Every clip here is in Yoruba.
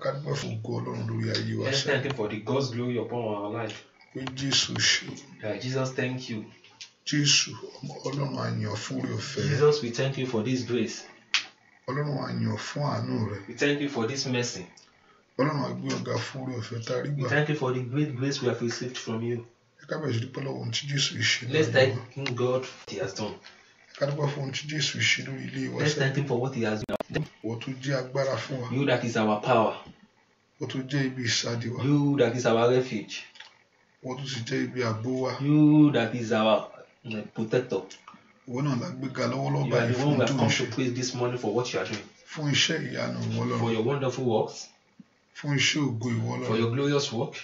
can ká dúpẹ́ fún ògo ọlọ́run lórí you are let let's thank him for the God's glory upon our life. pé Jesus ṣe. Jesus thank you. Jesus we thank you for this grace. we thank you for this mercy. we thank you for the great grace we have received from you. ṣe. let's thank God he has done. kádúpẹ́ fún ohun Jésù ṣe ilé wa sẹ́yìn. let's thank him for what he has done. wọ́n tún jẹ́ agbára fún wa. you that is our power. wọ́n tún jẹ́ ibi ìsádi wa. you that is our refuge. wọ́n tún sì jẹ́ ibi ààbò wa. you that is our eh, protector. ìwọ náà la gbéga lọ́wọ́lọ́wọ́ báyìí fún ohun tó you are the one that come to praise this morning for what you are doing. fún iṣẹ́ ìyanu ìwọlọ́run. for your wonderful works. fún iṣẹ́ ògo ìwọlọ́run. for your glorious work.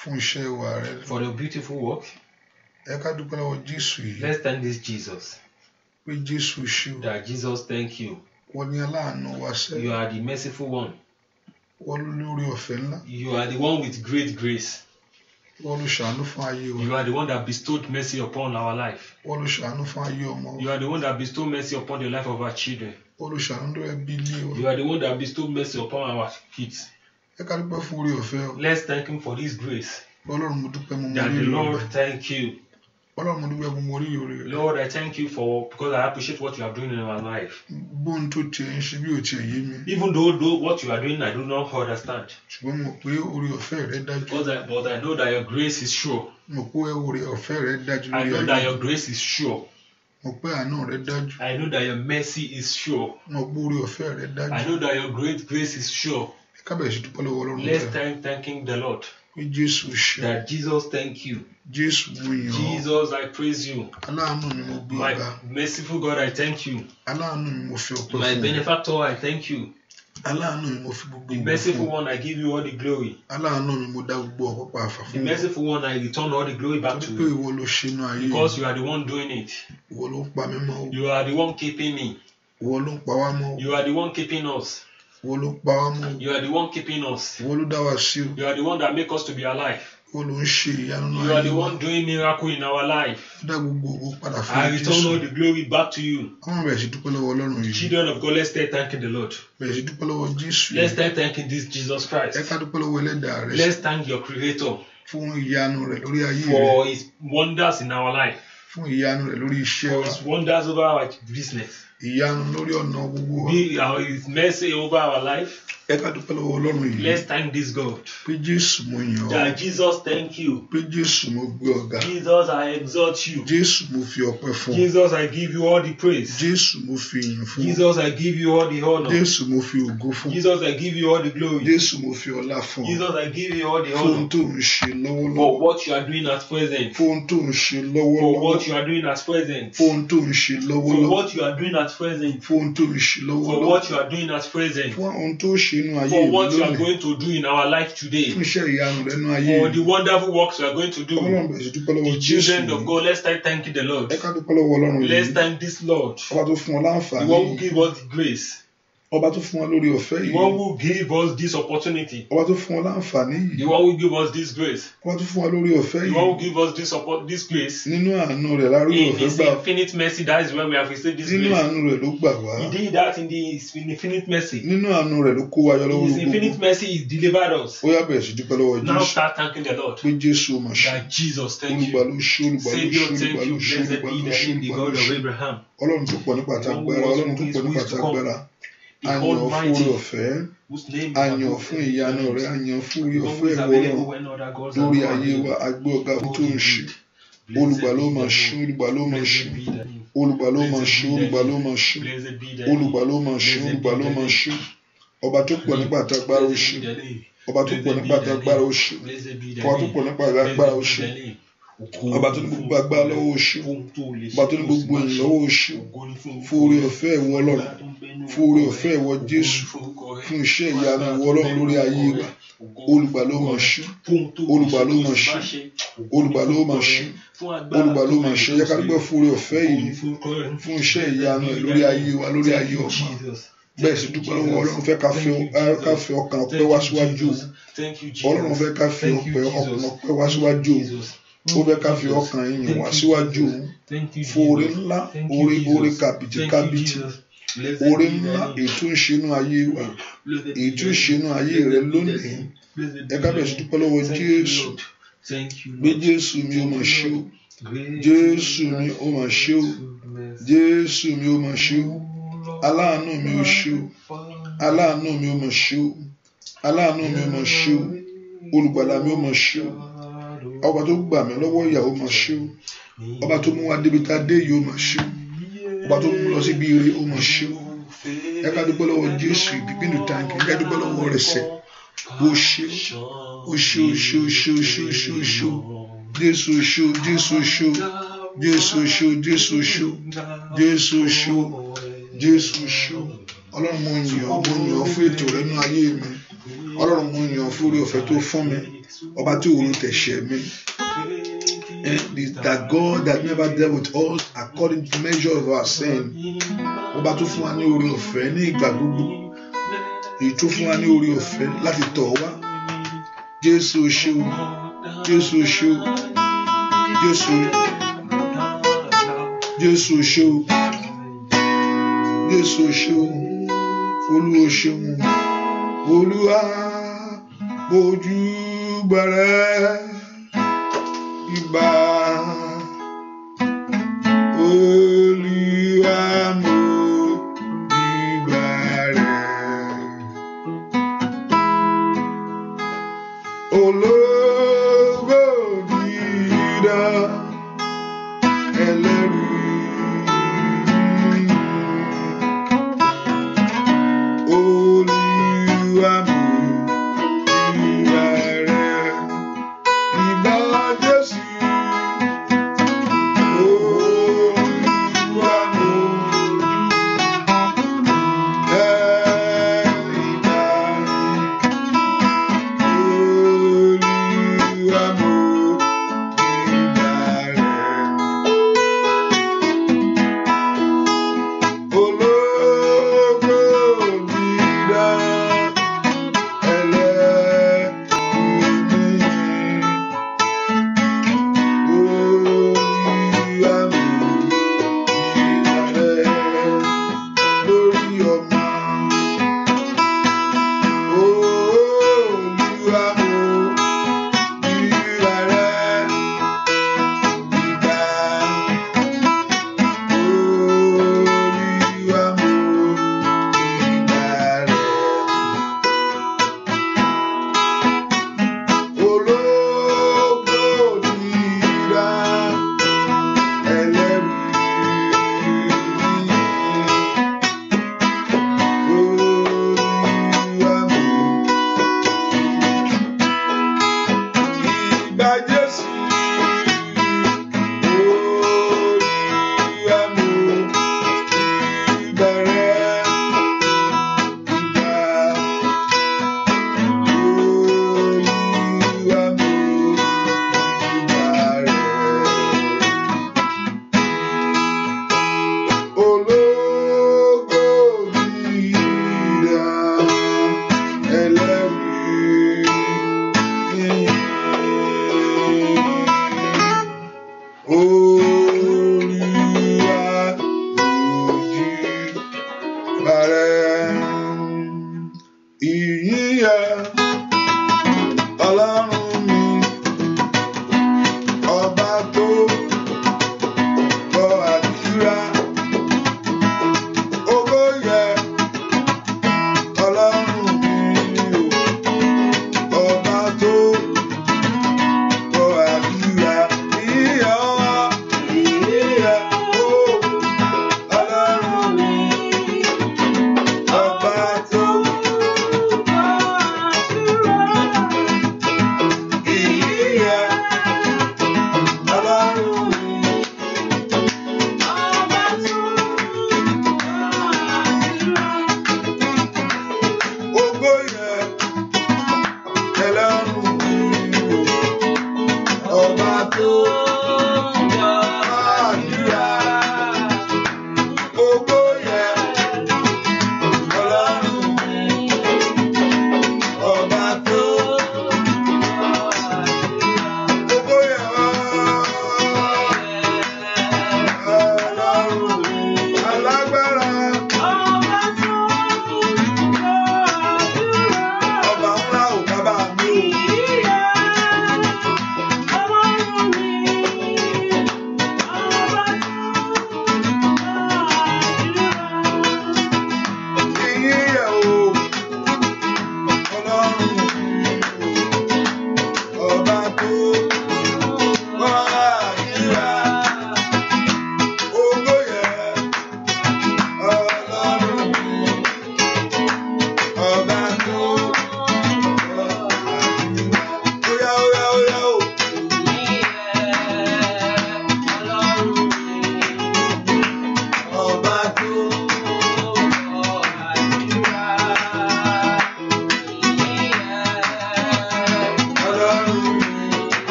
fún iṣẹ́ ìwà rẹ. for your beautiful work. ẹ ká dúpẹ́ lọ́wọ́ Jésù yìí. let's thank this Jesus pé Jésù ṣe o. that Jesus thank you. wọ́n ní aláàánú wa sẹ́. you are the merciful one. wọ́n ló lórí ọ̀fẹ́ ńlá. you are the one with great grace. wọ́n ló ṣàánú fún ayé wa. you are the one that bestowed mercy upon our life. wọ́n ló ṣàánú fún ayé ọmọ you are the one that bestowed mercy upon the life of our children. wọ́n ló ṣàánú lórí ẹbí ilé wa. you are the one that bestowed mercy upon our kids. ẹ ká dúpẹ́ fún orí ọ̀fẹ́ o. let's thank him for this grace. Ọlọ́run mo dúpẹ́ mo mọ rírì rẹ. that the Lord thank you. Lord, I thank you for because I appreciate what you are doing in our life. Even though, though what you are doing, I do not understand. Because I, but I know that your grace is sure. I know that your grace is sure. I know that your mercy is sure. I know that your great grace is sure. Let's thank thanking the Lord. That Jesus, thank you. Jesus, I praise you. My merciful God, I thank you. My benefactor, I thank you. The merciful one, I give you all the glory. The merciful one, I return all the glory back to you. Because you are the one doing it. You are the one keeping me. You are the one keeping us. You are the one keeping us. You are the one that make us to be alive. You are the one doing miracle in our life. I return all the glory back to you. Children of God, let's start thanking the Lord. Let's start thanking this Jesus Christ. Let's thank your Creator for His wonders in our life. For His wonders over our business ìyanu lórí ọ̀nà gbogbo be our his mercy over our life. ẹ ká dúpẹ́ lọ́wọ́ ọlọ́run yìí. let's thank this God. pé mo yàn ọ́. that Jesus thank you. pé mo gbé ọ Jesus I exhort you. jésù mo fi ọpẹ́ fún. Jesus I give you all the praise. jésù mo fi ìyìn fún. Jesus I give you all the honour. jésù mo fi ògo fún. Jesus I give you all the glory. jésù mo fi ọlá fún. Jesus I give you all the honour. fún tó ń ṣe lọ́wọ́lọ́wọ́. for what you are doing at present. fún tó ń ṣe lọ́wọ́lọ́wọ́. for what you are doing at present. fún tó ń ṣe lọ́wọ́lọ́wọ́. for what you are doing at present. Fún ohun tó ṣe lọ́wọ́. For what you are doing as present. Fún ohun tó ṣe inú ayé ìlú lónìí. For what you are going to do in our life today. Fún iṣẹ́ ìyanu lẹ́nu ayé. For the wonderful works you are going to do. Ọlọ́run bẹ̀rẹ̀ sí dúpẹ́ lọ́wọ́ Jésù. The children of God let's start thanking the Lord. Ẹ ká dúpẹ́ lọ́wọ́ Ọlọ́run yìí. Let's thank this Lord. Ọba tó fún ọ láǹfààní. The one who gave us the grace ọba tó fún wa lórí ọ̀fẹ́ yìí. the one who gave us this opportunity. ọba tó fún wa láǹfààní yìí. the one who gave us this grace. ọba tó fún wa lórí ọ̀fẹ́ yìí. the one who gave us this support this grace. nínú àánú rẹ̀ la rí gbà. in his infinite mercy that is when we have received this grace. nínú àánú rẹ̀ ló gbà wá. he did that in his infinite mercy. nínú àánú rẹ̀ ló kó wa yọ lọ́wọ́ lóko. his infinite mercy he delivered us. ó yá bẹ̀rẹ̀ sí dúpẹ́ lọ́wọ́ Jésù. now start thanking the Lord. pé Jésù mà ṣe. that Jesus thank you. olùgbàlóṣù olùgbàlóṣù olùgbàlóṣù olùgbàlóṣù ọlọ́run tó pọ̀ nípa àtàgbára ọlọ́run tó pọ̀ nípa àtàgbára àyàn fún ọ̀fẹ́ àyàn fún ìyanu rẹ̀ àyàn fún orí ọ̀fẹ́ ìwọ náà lórí ayé wa agbé ọ̀gá tó ń ṣe olùgbà ló máa ṣe olùgbà ló máa ṣe olùgbà ló máa ṣe olùgbà ló máa ṣe olùgbà ló máa ṣe olùgbà ló máa ṣe ọba tó pọ̀ nípa àtàgbára oṣù ọba tó pọ̀ nípa àtàgbára oṣù ọba tó pọ̀ nípa àtàgbára oṣù ọba tó ní gbogbo agbára lọ́wọ́ oṣù ọba tó ní gbogbo ìlọ́wọ́ oṣù fún oore ọ̀fẹ́ ìwọ ọlọ́run fún oore ọ̀fẹ́ ìwọ jésù fún iṣẹ́ ìyanu ìwọ ọlọ́run lórí ayé wa olùgbàlómọṣú olùgbàlómọṣú olùgbàlómọṣú olùgbàlómọṣú ẹ jẹ́ ká dúpẹ́ fún oore ọ̀fẹ́ yìí fún iṣẹ́ ìyanu ẹ̀ lórí ayé wa lórí ayé ọ̀pá bẹ́ẹ̀ sì dúpẹ́ lọ́wọ́ ọlọ́run fẹ́ ká fi ọkàn ọpẹ́ wá síwájú ọlọ́run fẹ́ ká fi ọkàn ọpẹ́ wá síwájú ó fẹ́ ká fi ọkàn yìnyín wá síwájú fún oore ńlá oore oore kàbìtì kàbìtì oore ńlá ètò ìṣínú ayé wa ètò ìṣínú ayé rẹ lónìí ẹ kábẹ̀ sí dúpẹ́ lọ́wọ́ Jésù gbé Jésù mi ó mà ṣe o Jésù mi ó mà ṣe o Jésù mi ó mà ṣe o aláàánú mi ó ṣe o aláàánú mi ó mà ṣe o aláàánú mi ó mà ṣe o olùgbàlà mi ó mà ṣe o ọba tó gbà mí lọ́wọ́ ìyàwó máa ṣe o ọba tó mú wa débi tá a dé yìí ó máa ṣe o ọba tó mú lọ síbi ire ó máa ṣe o ẹ ká dúpẹ́ lọ́wọ́ Jésù ìbíbínú tàǹkì ẹ ká dúpẹ́ lọ́wọ́ rẹ̀ sẹ̀ bó ṣe ó ṣe ó ṣe ó ṣe ó ṣe ó ṣe ó ṣe Jésù ṣe Jésù ṣe Jésù ṣe Jésù ṣe Jésù ṣe Jésù ṣe ọlọ́run mo yàn mo yàn fún ètò rẹ̀ nínú ayé mi ọlọ́run mo yàn fún orí ọ̀fẹ́ tó fún mi ọba tí òun tẹ̀sẹ̀ mi. That God that never dealt with us according to measure of our sin. Ọba tó fún wa ní oore ọ̀fẹ́ ní ìgbà gbogbo. Èyí tó fún wa ní oore ọ̀fẹ́ láti tọ̀ wá. Jésù ṣe o. Jésù ṣe o. Jésù. Jésù ṣe o. Jésù ṣe o. Olúwa ṣe o. Olúwa bójú olùgbàrà ìbà olúwa mo ìbà rẹ olórí.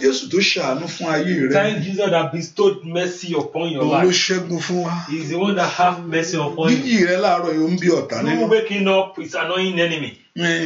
Jésù tó ṣàánú fún ayé rẹ. Thank Jesus that bestowed mercy upon your life. Òun ṣẹ́gun fún wa. He is the one that have mercy upon you. Jíjí rẹ láàárọ̀ yóò ń bí ọ̀tá nínú. You waking up is annoying enemy.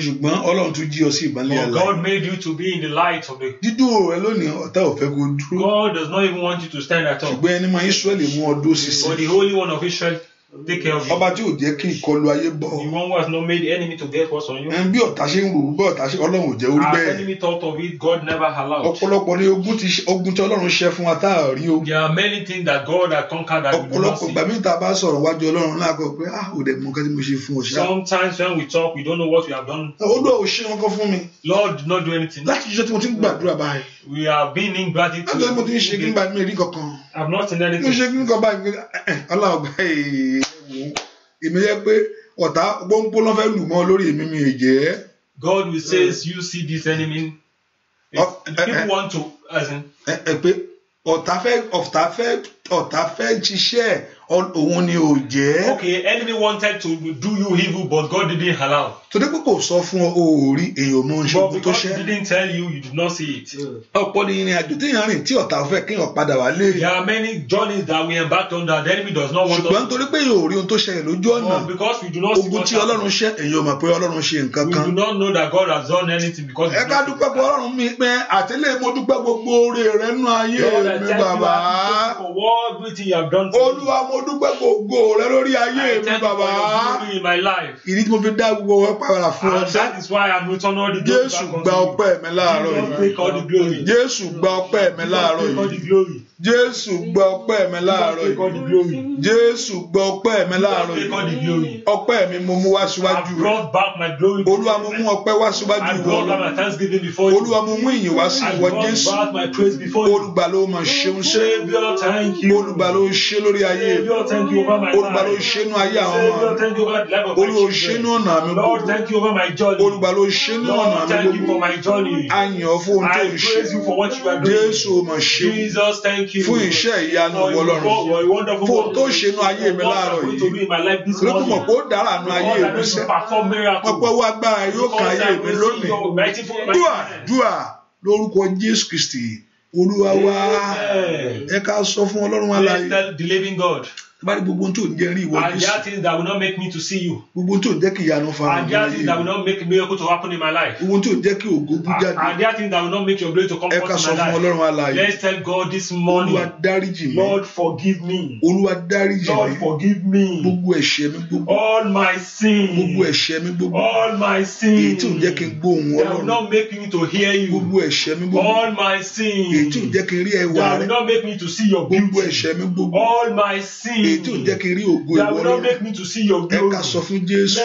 Ṣùgbọ́n Ọlọ́run tún jí ọ sí ìmọ́lẹ̀ àlàyé. God made you to be in the light of the. Dídúró rẹ lónìí ọ̀tá ò fẹ́ kó dúró. God does not even want you to stand at all. Ṣùgbọ́n ẹni máa Ísírẹ́lì mú ọ dúró sísè. But the Holy One of Israel Take care of you. Ọba tí ò jẹ́ kí ìkọlù ayé bọ̀. The one who has not made enemy to get worse on you. Bí ọ̀tá ṣe ń rò bí ọ̀tá ṣe Ọlọ́run ò jẹ́ orí bẹ́ẹ̀. Our enemy thought of it God never allowed. Ọ̀pọ̀lọpọ̀ ni ogun ti ogun tí Ọlọ́run ṣe fún wa tá a rí o. There are many things that God has conquered that we do see. Ọ̀pọ̀lọpọ̀ ìgbà mi ta bá sọ̀rọ̀ wájú Ọlọ́run náà kọ pé ah òde mo kẹ́tí mo ṣe fún ọ Sometimes when we talk we don't know what we have done. Olú ò ṣe wọn kọ fún mi. Lord did do anything. Láti ṣiṣẹ́ tí mo ti ń gbàdúrà báyìí. We have been in gratitude. Láti ṣiṣẹ́ tí mo ti ń ṣe kí n gbàdúrà mi rí kankan. I've not seen anything. ṣe kí n kọ báyìí ọlọ́ọ̀gbà èèwọ̀ èmi yẹ pé ọ̀tá gbóngbó ló fẹ́ lù mọ́ lórí èmi mi èjẹ́. God will say eh. you see this enemy. Oh, eh, people eh, want to. Ẹ pé ọ̀tá fẹ́ ọ̀tá fẹ́ ọ̀tá fẹ́ ṣiṣẹ́ òun ni ò jẹ́. okay enemy wanted to do you evil but God didn't allow. torí pé kò sọ fún ọ o ò èèyàn mọ ohun tó ṣe. but because he didn't tell you you did not see it. ọ̀pọ̀ ni ìrìn àjò tí ìyàn rìn tí ọ̀tá fẹ́ kí èèyàn padà wá lé. there are many journeys that we embark on that the enemy does not want us. ṣùgbọ́n torí pé èèyàn ò rí ohun tó ṣẹlẹ̀ lójú ọ̀nà. because we do not ogun tí ọlọ́run ṣe èèyàn mọ̀ pé ọlọ́run ṣe nǹkan kan. we do not know that God has done anything because. ẹ ká dúpẹ́ pé all good thing you have done for me. Olúwa mo dúpẹ́ gbogbo rẹ lórí ayé mi bàbá. I thank you for your good in my life. Ìdí tí mo fi dá gbogbo ọpẹ́ padà fún ọ. And that is why I return all the glory back unto you. Jésù gba ọpẹ́ mi láàárọ̀ yìí. Jesus take all the glory. Jésù gba ọpẹ́ mi láàárọ̀ yìí. Jesus take all the glory. Jésù gba ọpẹ́ mi láàárọ̀ yìí. Jésù gba ọpẹ́ mi láàárọ̀ yìí. Ọpẹ́ mi mo mú wá síwájú rẹ̀. I brought back my glory. Olúwa mo mú ọpẹ́ wá síwájú rẹ̀. I brought back my thanksgiving before you. Olúwa mo mú ìyìn wá sí ìwọ Jésù. I brought back my praise before you. Olùgbàlà ó mọ̀ ṣeun ṣe. Saviour thank you olùgbà ló ṣe lórí ayé olùgbà ló ṣe nú ayé àwọn ọmọ olùgbà ló ṣe nú ọ̀nà mi gbogbo olùgbà ló ṣe nú ọ̀nà mi gbogbo ayàn fún ohun tó ń ṣe jésù mà ṣe fún iṣẹ́ ìyanu ọlọ́run fún ohun tó ṣe nú ayé mi láàárọ̀ yìí lókùn mọ̀ pé dára nú ayé mi sẹ́ ọ̀pọ̀ owó agbára yóò kan ayé mi lónìí dùà dùà lórúkọ jésù kristi olúwa wa ẹ ká sọ fún ọlọ́run aláyé. God bá gbogbo tó ń jẹ́ rí ìwọ and that thing that will not make me to see you. gbogbo tó ń jẹ́ kí fara mi and that thing that will not make miracle to happen in my life. gbogbo tó ń jẹ́ kí ògo and that thing that will not make your glory to come forth in my life. ẹ ká sọ fún Ọlọ́run alààyè. let's tell God this morning. Olúwa dáríjì mi. Lord forgive me. Olúwa dáríjì mi. Lord forgive me. gbogbo ẹ̀ṣẹ̀ mi gbogbo. all my sins. gbogbo ẹ̀ṣẹ̀ mi gbogbo. all my sins. èyí tí ò kí n gbóhùn Ọlọ́run. that will not make me to hear you. gbogbo ẹ̀ṣẹ̀ mi gbogbo. all my sins. èyí tí ò kí n rí ẹwà rẹ. that will not make me to see your beauty. gbogbo ẹ̀ṣẹ̀ mi gbogbo. all my sins èyí tí ò jẹ́ kí n rí ògo ìwọ lọ́rùn ẹ sọ fún Jésù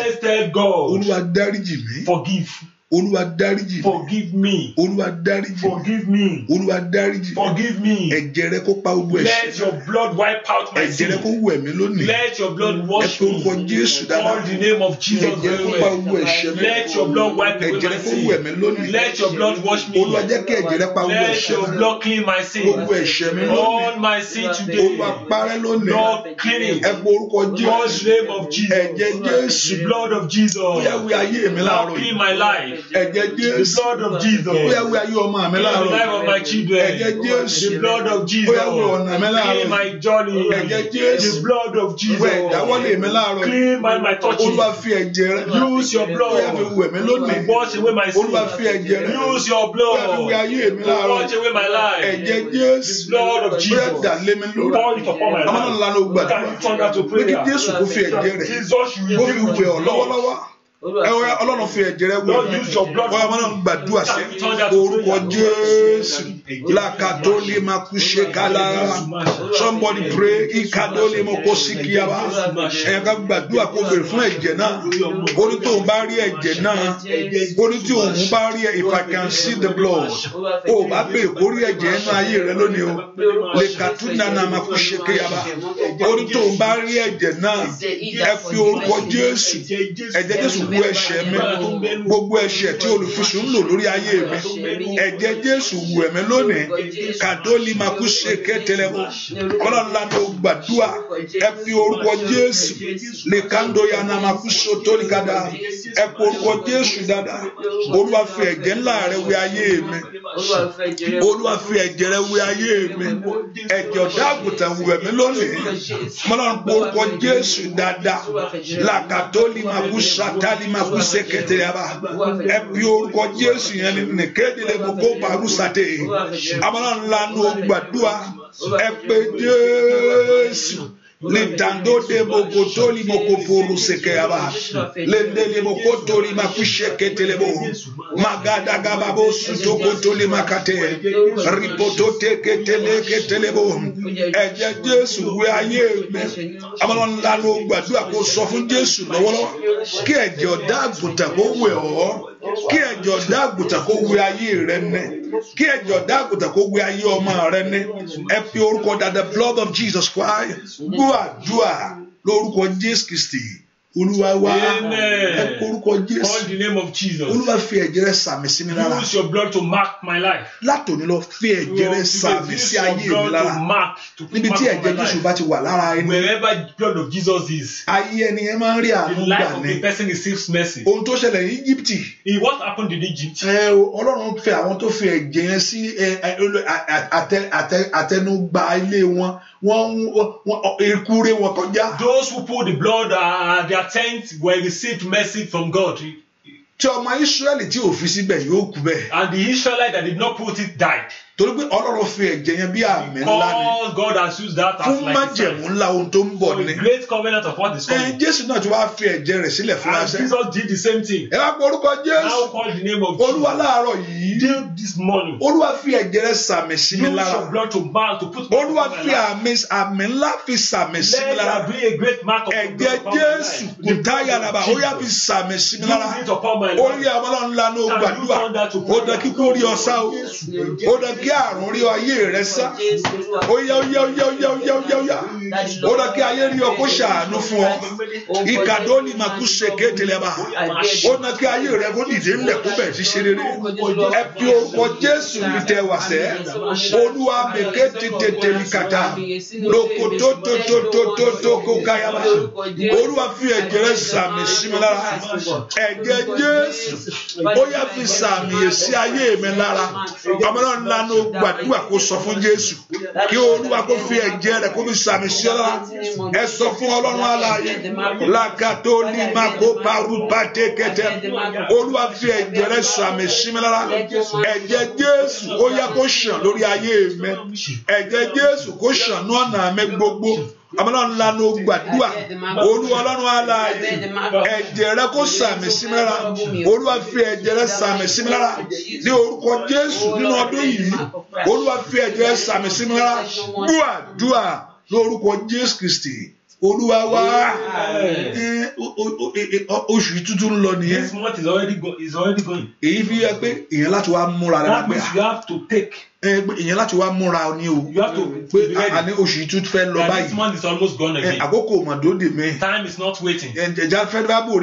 Olúwa dáríjì mi. forgive olúwa dáríjì. forgive me. olúwa dáríjì. forgive me. olúwa dáríjì. forgive me. ẹ̀jẹ̀ rẹ kó pa gbogbo ẹ̀ṣẹ̀. let your blood wipe out my sin. ẹ̀jẹ̀ rẹ kó wẹ̀ mí lónìí. let your blood wash me. ẹ orúkọ Jésù dáadáa. call the name of Jesus very well. ẹ̀jẹ̀ kó pa gbogbo ẹ̀ṣẹ̀ mi. let your blood wipe away my sin. ẹ̀jẹ̀ rẹ kó wẹ̀ mí lónìí. let your blood wash me. olúwa jẹ́ kí ẹ̀jẹ̀ rẹ pa gbogbo ẹ̀ṣẹ̀ mi. let your blood clean my sin. gbogbo all my sin today. olúwa parẹ́ lónìí. lord clean it. ẹ orúkọ Jésù. God's name of Jesus. blood of Jesus. clean my life ẹ̀jẹ̀ Jésù blood of Jesus ó yá wẹ ayé ọmọ mi láàárọ̀ ẹ̀jẹ̀ Jésù blood of Jesus ó yá wẹ ọ̀nà mi láàárọ̀ ẹ̀jẹ̀ Jésù blood of Jesus wẹ ìdáwọ́lé mi láàárọ̀ Olúwa fi ẹ̀jẹ̀ rẹ use your blood ó yá fi wẹ̀ mí lónìí Olúwa fi ẹ̀jẹ̀ rẹ use your blood ó yá fi wẹ̀ ayé mi láàárọ̀ ẹ̀jẹ̀ Jésù ó yá dà lé mi lórí àwọn ọ̀nà lánàá ó gbàdúrà pé kí Jésù kó fi ẹ̀jẹ̀ rẹ kó fi wẹ̀ ọ́ lọ́wọ́lọ́wọ́ ọlọ́run fi ẹ̀jẹ̀ rẹ wò wọ́n máa ń gbàdúrà sí orúkọ jésù. Lakadoli makushe kala. Somebody pray. Ikadoli mokosi kiyaba. Ẹ̀yàn ká gbàdúrà kó bèrè fún ẹ̀jẹ̀ náà. Orí tó ń bá rí ẹ̀jẹ̀ náà. Orí tí òun bá rí ẹ̀ if I can see the blood. O bá bèrè kó rí ẹ̀jẹ̀ inú ayé rẹ lónìí o. Lekatunana makushe kiyaba. Orí tó ń bá rí ẹ̀jẹ̀ náà. Ẹ fi orúkọ Jésù. Ẹ̀jẹ̀ Jésù kú ẹ̀ṣẹ̀ mi. Gbogbo ẹ̀ṣẹ̀ tí olùfisùn ń lò lórí ayé mi. Ẹ̀jẹ̀ Jésù wù ẹ̀mí lónìí lónìí kàdóòlì máa kú ṣe kẹtẹlẹ mọ ọlọ́run lánàá gbàdúrà ẹ fi orúkọ jésù lè kándó yana máa kú soto ní kàdá ẹ fi orúkọ jésù dáadáa olúwa fi ẹ̀jẹ̀ ńlá rẹ wí ayé mi olúwa fi ẹ̀jẹ̀ rẹ wí ayé mi ẹ̀jẹ̀ ọ̀dọ́ àgùntàn wẹ̀ mí lónìí ọlọ́run fi orúkọ jésù dáadáa làkàdóòlì máa kú sátálì máa kú ṣe kẹtẹlẹ bá ẹ orúkọ jésù yẹn nìkéde lè kókó parú sàté abala ńlá nu gbàdúrà ẹ pé Jésù lintando de mokotoli mokopuru sekeyaba lendeli mokotoli makusheketelebo magadagababo sutokotoli makate ripototeketelebo ẹ̀jẹ̀ jésù wẹ ayé mẹ amọlọlanu gbàdúrà kó sọ fún jésù lọ́wọ́lọ́wọ́ kí ẹ̀jẹ̀ ọdá àgùntàn kó wẹ ọ kí ẹ̀jọ̀ dá àgùntàn kó wẹ ayé rẹ ní kí ẹ̀jọ̀ dá àgùntàn kó wẹ ayé ọmọ rẹ ní ẹ pe orúkọ dada blood of Jesus Christ gbọ́ àdúrà lórúkọ Jésù Kristi olúwa wa ẹ kórúkọ jésù the name of jesus olúwa fi ẹ̀jẹ̀ rẹ sàmì sí mi lára your blood to mark my life látòní lọ fi ẹ̀jẹ̀ rẹ sàmì sí ayé mi lára níbi tí ẹ̀jẹ̀ jésù bá ti wà lára ẹni wherever blood of jesus is ayé ẹni ẹ máa ń rí àánú gbà ní the life of the person receives mercy ohun tó ṣẹlẹ̀ ní egypt what happened in egypt ẹ ọlọ́run fẹ́ àwọn tó fi ẹ̀jẹ̀ yẹn sí àtẹnugbà ilé wọn wọ́n ikú ré wọn kọjá. those who pull the blood uh, their tent were received mercy from God. tí ọmọ Israẹli tí ò fi síbẹ̀ yóò kú bẹ́ẹ̀. and the Israelite that did not put it died torí pé ọlọ́run fi ẹ̀jẹ̀ yẹn bí àmì ńlá ni God has used that as like a sign fún májẹ̀mú ńlá ohun tó ń bọ̀ ni for a great covenant of what is coming. Jésù náà ti wá fi ẹ̀jẹ̀ rẹ̀ sílẹ̀ fún aṣẹ. and Jesus did the same thing. ẹ wá pọ orúkọ Jésù now call the name of Jesus. Olúwa láàárọ̀ yìí this morning. Olúwa fi ẹ̀jẹ̀ rẹ̀ sàmì sí mi lára. use blood to mark to put. Olúwa fi àmì àmì ńlá fi sàmì sí mi lára. let there be a great mark of God upon my life. ẹ̀jẹ̀ Jésù kò táyà nàbà ó yà fi sàmì sí mi lára. ó yà wọlọ́run lánàá ó ó dẹ kíkú orí ọ̀sá ó dẹ kí àrùn rí ayé rẹ sá ó yá ó yá ó yá ó yá ó yá ó yá ó lọ kí ayé rí ọ kó ṣàánú fún ọ ìkàdó ni màkú ṣèké tìlẹ̀bà ó lọ kí ayé rẹ kó dìde ńlẹ̀ kó bẹ̀ sí ṣe rere ẹ fi orúkọ Jésù mi tẹ wà sẹ́ olúwa mèké tètè mi kàtà lóko tó tó tó tó olúwa fi ẹ̀jẹ̀ rẹ sàmì sí mi lára ẹ̀jẹ̀ Jésù ó fi sàmì yè sí ayé mi lára ọmọ náà ń lanu gbàdúrà kó sọ fún Jésù kí Olúwa kó fi ẹ̀jẹ̀ rẹ̀ kó fi sàmì sí ọ lára ẹ sọ fún Ọlọ́run aláàyè làkàtó lima kó parú bàtẹ kẹtẹ Olúwa fi ẹ̀jẹ̀ rẹ̀ sàmì sí mi lára ẹ̀jẹ̀ Jésù ó yá kó sàn lórí ayé mi ẹ̀jẹ̀ Jésù kó sàn ní ọ̀nà mi gbogbo ọmọlọ́run lanu gbàdúà olúwa ọlọ́run aláàyè ẹ̀jẹ̀ rẹ kó sàmì símẹ́ra olúwa fi ẹ̀jẹ̀ rẹ sàmì símẹ́ra ní orúkọ jésù nínú ọdún yìí olúwa fi ẹ̀jẹ̀ rẹ sàmì símẹ́ra gbàdúà ní orúkọ jésù kristi olúwa wá oṣù tútù ń lọ nìyẹn èyí fi yẹ pé èèyàn láti wá múra rẹ lápẹ́ à. Eh, ìyẹn láti wá múra ni o eh, pé àní oṣù tún fẹ́ lọ báyìí eh, àkókò mọ̀dó dè mí. time is not waiting. ẹ̀jẹ̀ fẹ́ẹ́rẹ́bù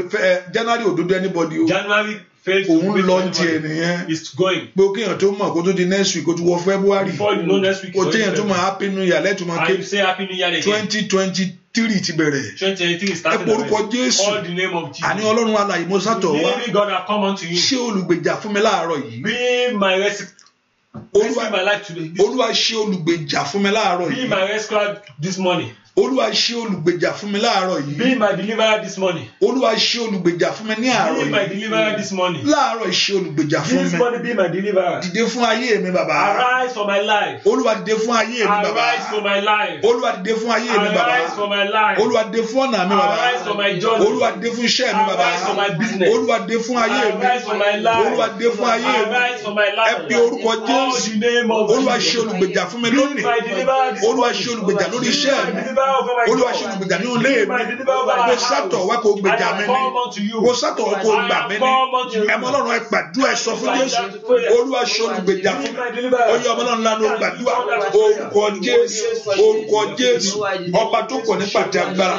january òdodo anybody o. january fails to wait for going. pé o kéèyàn tó mọ̀ kó tó di next week kó tó wọ february. before next week. o téèyàn tó mọ̀ happy new year lẹ́tùmọ̀ ké. twenty twenty three ti bẹ̀rẹ̀. ẹ porúkọ jésù. àní ọlọ́run alààyè mo sátọ̀ wá. ṣé olùgbèjà fún mi láàárọ̀ yìí olúwa olúwa ṣe olùgbèjà fún mi láàárọ̀ yìí. be my rescuer this morning olúwa ṣe olùgbèjà fún mi láàárọ̀ yìí. be my deliverer this morning. olúwa ṣe olùgbèjà fún mi ní àárọ̀ yìí. be my deliverer this morning. láàárọ̀ ṣe olùgbèjà fún mi. this morning be my deliverer. dìde fún ayé mi bàbá. arise for my life. olúwa dìde fún ayé mi bàbá. arise for my life. olúwa dìde fún ayé mi bàbá. arise for my life. olúwa dìde fún ọ̀nà mi bàbá. arise for my journey. olúwa dìde fún iṣẹ́ mi bàbá. arise for my business. olúwa dìde fún ayé mi. arise for my life. olúwa dìde fún ayé mi. arise for my life. ẹ pe orúkọ Jésù. olúwa ṣe olùgbèjà fún mi lónìí. olúwa ṣe olùgbèjà olúwa ṣe olùgbèjà nínú ilé mi mo sátọ̀ wá kó gbèjà mi ní mo sátọ̀ wá kó gbà mí ní ẹmọ ọlọ́run ẹ gbàdúrà ẹ sọ fún jésù olúwa ṣe olùgbèjà fún mi oyè ọmọ ọlọ́run lánàá gbàdúrà orúkọ jésù orúkọ jésù ọba tó kọ̀ ní pàtẹ agbára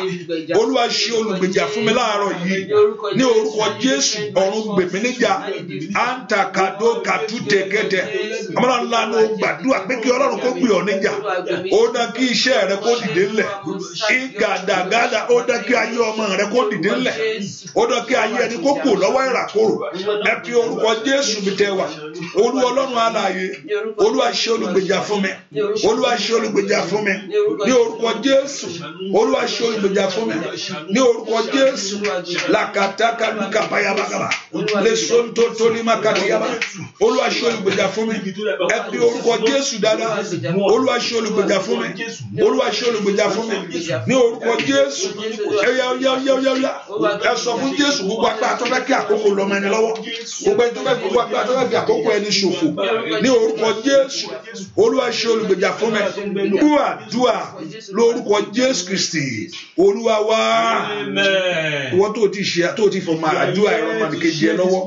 olúwa ṣe olùgbèjà fún mi láàárọ̀ yìí ní orúkọ jésù ọ̀run gbèmí níjà àǹtà kàdó kàtú tẹ̀kẹ́tẹ̀ ọmọ ọlọ́run lánàá gbàdúrà pé kí ọlọ́run kó gbè ọ́ níjà ó dá kí iṣẹ́ rẹ kó dìde ńlẹ̀ ìgàdàgàdà ó dá kí ayé ọmọ rẹ kó dìde ńlẹ̀ ó dá kí ayé ẹni kó kò lọ́wọ́ ìràkòrò ẹ fi orúkọ Jésù mi tẹ wá olú ọlọ́run alààyè olúwa ṣe olùgbèjà fún mi olúwa ṣe olùgbèjà fún mi ní orúkọ Jésù olúwa ṣe olùgbèjà fún mi ní orúkọ Jésù làkàtàkà lùkà báyàbàkàbà lè so ń tó tó ní màkàtìyàbà olúwa ṣe olùgbèjà fún mi ẹ fi orúkọ Jésù dáadáa olúwa ṣe olùgbèjà fún mi olúwa ṣe olùgbèjà fún mi ní orúkọ Jésù ẹyà ọyà ọyà ọyà ọyà ẹ sọ fún Jésù gbogbo agbára tó fẹ́ kí àkókò lọ́mọ ẹni lọ́wọ́ gbogbo ẹni tó fẹ́ gbogbo agbára tó fẹ́ fi àkókò ẹni ṣòfò ní orúkọ Jésù Olúwa ṣe olùgbèjà fún mi dúà dúà lórúkọ Jésù Kristi Olúwa wá ìwọ tó ti ṣe tó ti fọmọ àdúrà ẹ̀rọ mànìkejì ẹ lọ́wọ́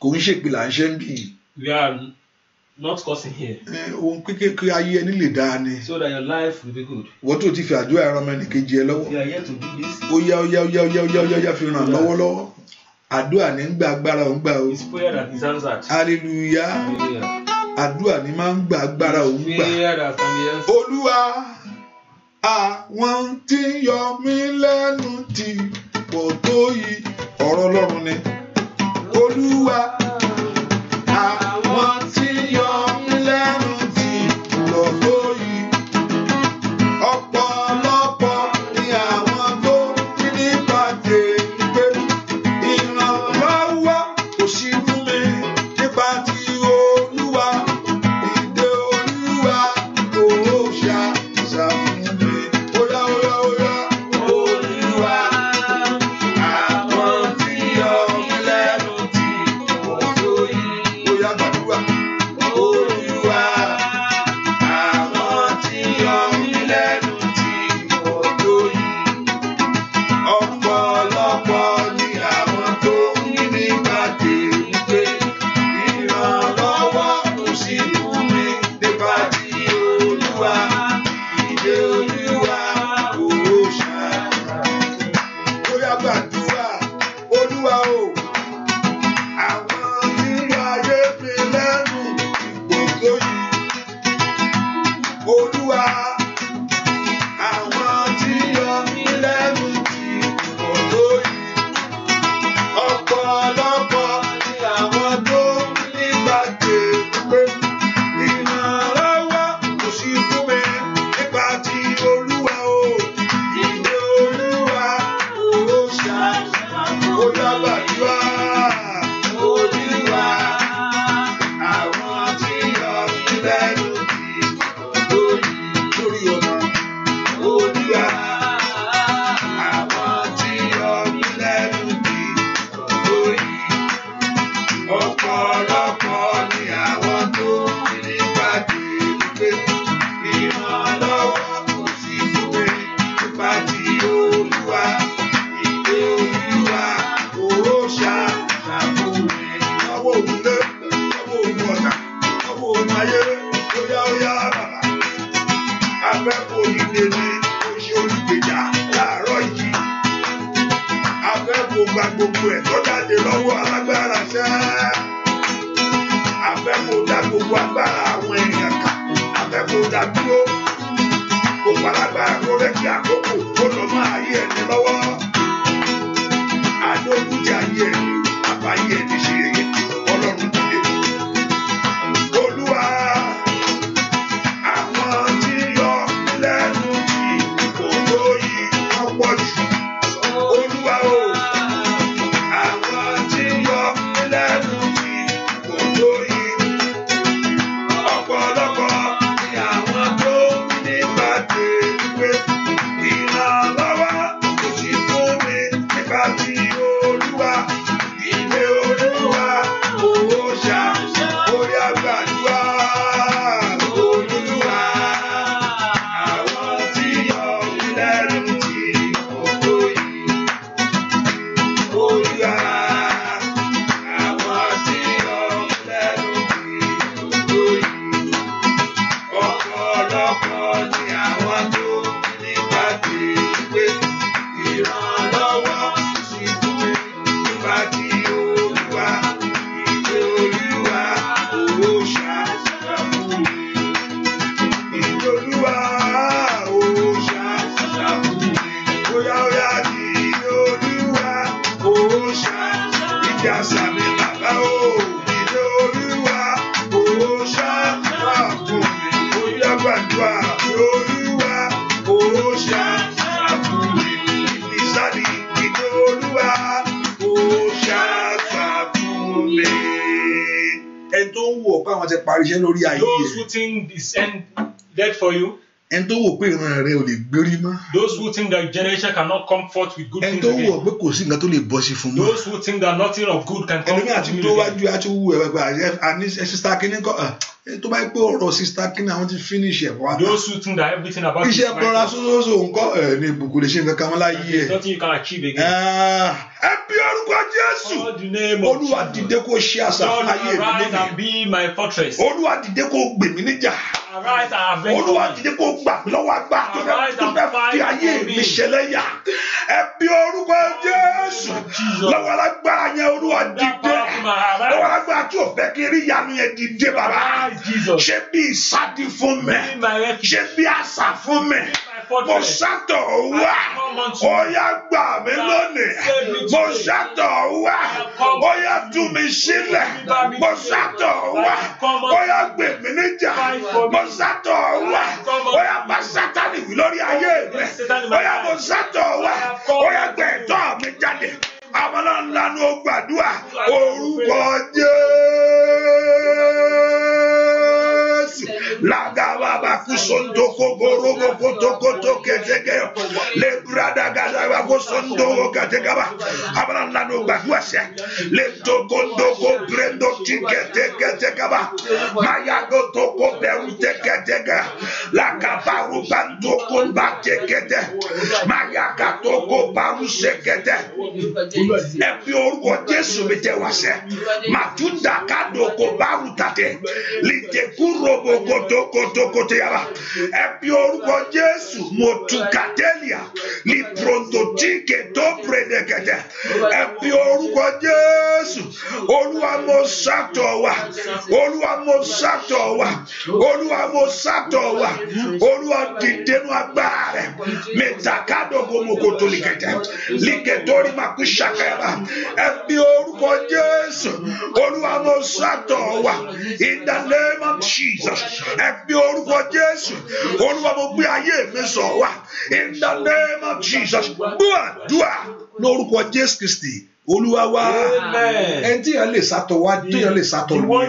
kò ń ṣèpìlà ń ṣe ń bì í not cursing here. Eh, ohun kékeré ayé ẹni lè dáa ni. so that your life will be good. wọ́n tó ti fi àdúrà ẹran ọmọ ẹnìkejì ẹ lọ́wọ́. you are here to do this. ó yá ó yá ó yá ó yá ó yá ó yá fi ràn lọ́wọ́ àdúrà ní ń gba agbára òun gbà o. it's prayer that is answered. hallelujah. àdúrà ní máa ń gba agbára òun gbà. prayer that can be answered. olúwa àwọn tí ń yọ mí lẹ́nu ti pọ̀ tó yìí ọ̀rọ̀ ọlọ́run ni. olúwa àwọn. what's in your for you. ẹni tó wò pé ìran rẹ ò lè gbérí mọ́. those who think that generation cannot come forth with good things again. ẹni tó wò pé kò sí nǹkan tó lè bọ́ sí fún mọ́. those who think that nothing of good can come to you again. ẹni mi àti tó wájú àti wù ẹ̀ bàbá àní sísá kínní kọ́ Eh, tó bá yẹ pé ọ̀rọ̀ sista kínní àwọn ti finish ẹ̀ wá. those who think that everything about this iṣẹ́ bọ́ra sososo nǹkan eh, ní ìbùkún lè ṣe nǹkan kan láyé ẹ̀. nothing you can achieve again. Ah, ẹ bí orúkọ Jésù oh, Olúwa dìde kó ṣe àṣà fún ayé mi lónìí Olúwa dìde kó gbè mí níjà Olúwa dìde kó gbà mí lọ́wọ́ àgbà tó fẹ́ fi ayé mi ṣẹlẹ́yà ẹ bí orúkọ oh, Jésù lọ́wọ́ alágbára yẹn Olúwa dìde lọ́wọ́ alágbára tí ò ṣé bí ìsádi fún mi ṣé bí àṣà fún mi mo ṣètò wá ó yá gbà mí lónìí mo ṣètò wá ó yá tú mi sílẹ̀ mo ṣètò wá ó yá gbè mí níjà mo ṣètò wá ó yá bá sátani wí lórí ayé mi ó yá mo ṣètò wá ó yá gbẹ ẹ̀tọ́ mi jáde àwọn ọlọ́run lanu gbàdúrà orúkọ jẹ́ lagaba bakusondo kogoro kokoto koto kezege le brada gaza bakusondo gatega ba abana nano bakuase le tokondo ko prendo tikete kezega ba maya goto ko berute kezega la kabaru bando ko batekete maya gato ko baru sekete epi orúkọ Jésù mi tẹ wá sẹ kado ko baru tate litekuro bogo kotokotokotoyaba ẹbí orúkọ jésù motukatelia ní prondotike tó pèrèdèkẹtẹ ẹbí orúkọ jésù olúwa mo sátọ wa agbára rẹ mẹtakadogo likẹtẹ likẹtori makusakayaba ẹbí orúkọ jésù olúwa in the name of jesus ẹ pe orúkọ Jésù Olúwa mo gbé ayé mi sọ wá in the name of Jesus gbọ́ àdúrà lórúkọ Jésù Kristi Olúwa wa ẹni tí yẹn lè sátọ wá tí yẹn lè sátọ lóyún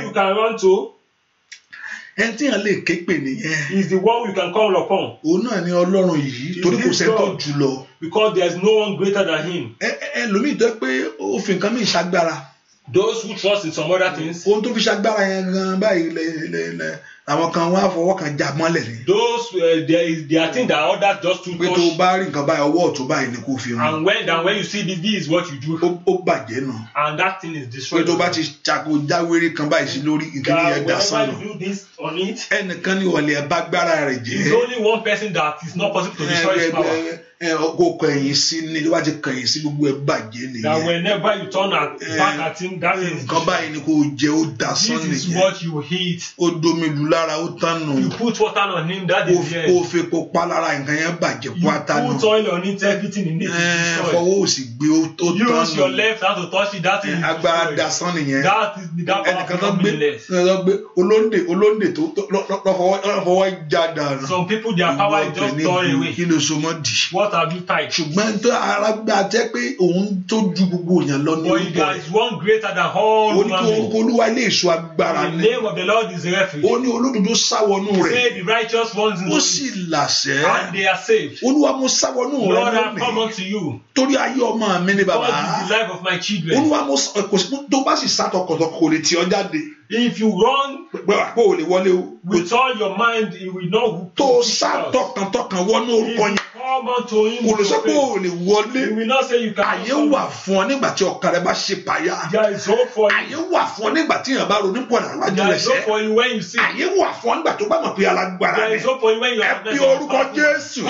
ẹni tí yàn lè ké pè nìyẹn. is the one you can call upon. òun náà ni ọlọ́run yìí torí kò sẹ́ńtọ́ jùlọ. because there is no one greater than him. ẹ ẹ lómi ìtọ́ pé òfin kan mi ṣàgbára. those who trust in some other things. ohun tó fi ṣàgbára yẹn gan báyìí lẹ lẹ lẹ àwọn kan wá fọwọ́ kan já mọ́lẹ̀ ni. those uh, there is there are things that others just too much. pé tó o bá rí nǹkan báyìí ọwọ́ ọ̀tún báyìí ni kò fi rún. and when and when you see this this is what you do. ó ó bàjẹ́ nù. and that thing is destroyed. pé tó bá ti ṣàkó jáwéré kan báyìí sí lórí ìkíni yẹn dá sánà. that whenever you do this on it. ẹnìkan ni ọ̀lẹ́ bá gbára rẹ̀ jẹ́. there is only one person that is not possible to destroy his power kò kẹ̀yìn sí ni ló ti kẹ̀yìn sí gbogbo ẹ̀ bàjẹ́ nìyẹn. that whenever you turn at, back at him that is. nǹkan báyìí ni kò jẹ ó da sán nìyẹn. this is what you hate. ó domi lu lára ó tán you put water on him that is there. kò fi kò pa lára nǹkan yẹn bàjẹ́ pátá nù. you put oil on it everything in it. ẹ fọwọ́ òsì gbé ó tán nù. you use your left hand to touch it that is. agbára da sán nìyẹn. that is that power ẹnìkan tó gbé ẹnìkan tó gbé olóńdè olóńdè tó lọ́fọwọ́ jáda. some people their power is just torn away what have you ṣùgbọ́n tó ara jẹ́ pé òun tó ju gbogbo èèyàn lọ ní orúkọ rẹ̀. but there is one greater than all human beings. ó ní orúkọ olúwa ilé ìṣọ́ agbára ni. the name of the Lord is refuge. ó ní olódodo sáwọnú rẹ̀. say the righteous ones in the. ó sì làṣẹ. and they are saved. olúwa mo sáwọnú rẹ̀ lónìí. Lord I come unto you. torí ayé ọmọ mi ni bàbá. God is the life of my children. olúwa mo kò sí tó bá sì sá tọkàntọkàn kò lè tì ọ́ jáde. if you run. with all your mind you will not. tó sá tọkàntọkàn wọnú orúkọ yẹn olùsọ́pọ̀ ò lè wọlé àyè wà fún ọ nígbà tí ọkàn rẹ bá ṣe payá àyè wà fún ọ nígbà tí yàn bá ronú pọ̀ náà wájú ẹsẹ̀ àyè wà fún ọ nígbà tó bá mọ̀ pé alágbára rẹ ẹ pe orúkọ Jésù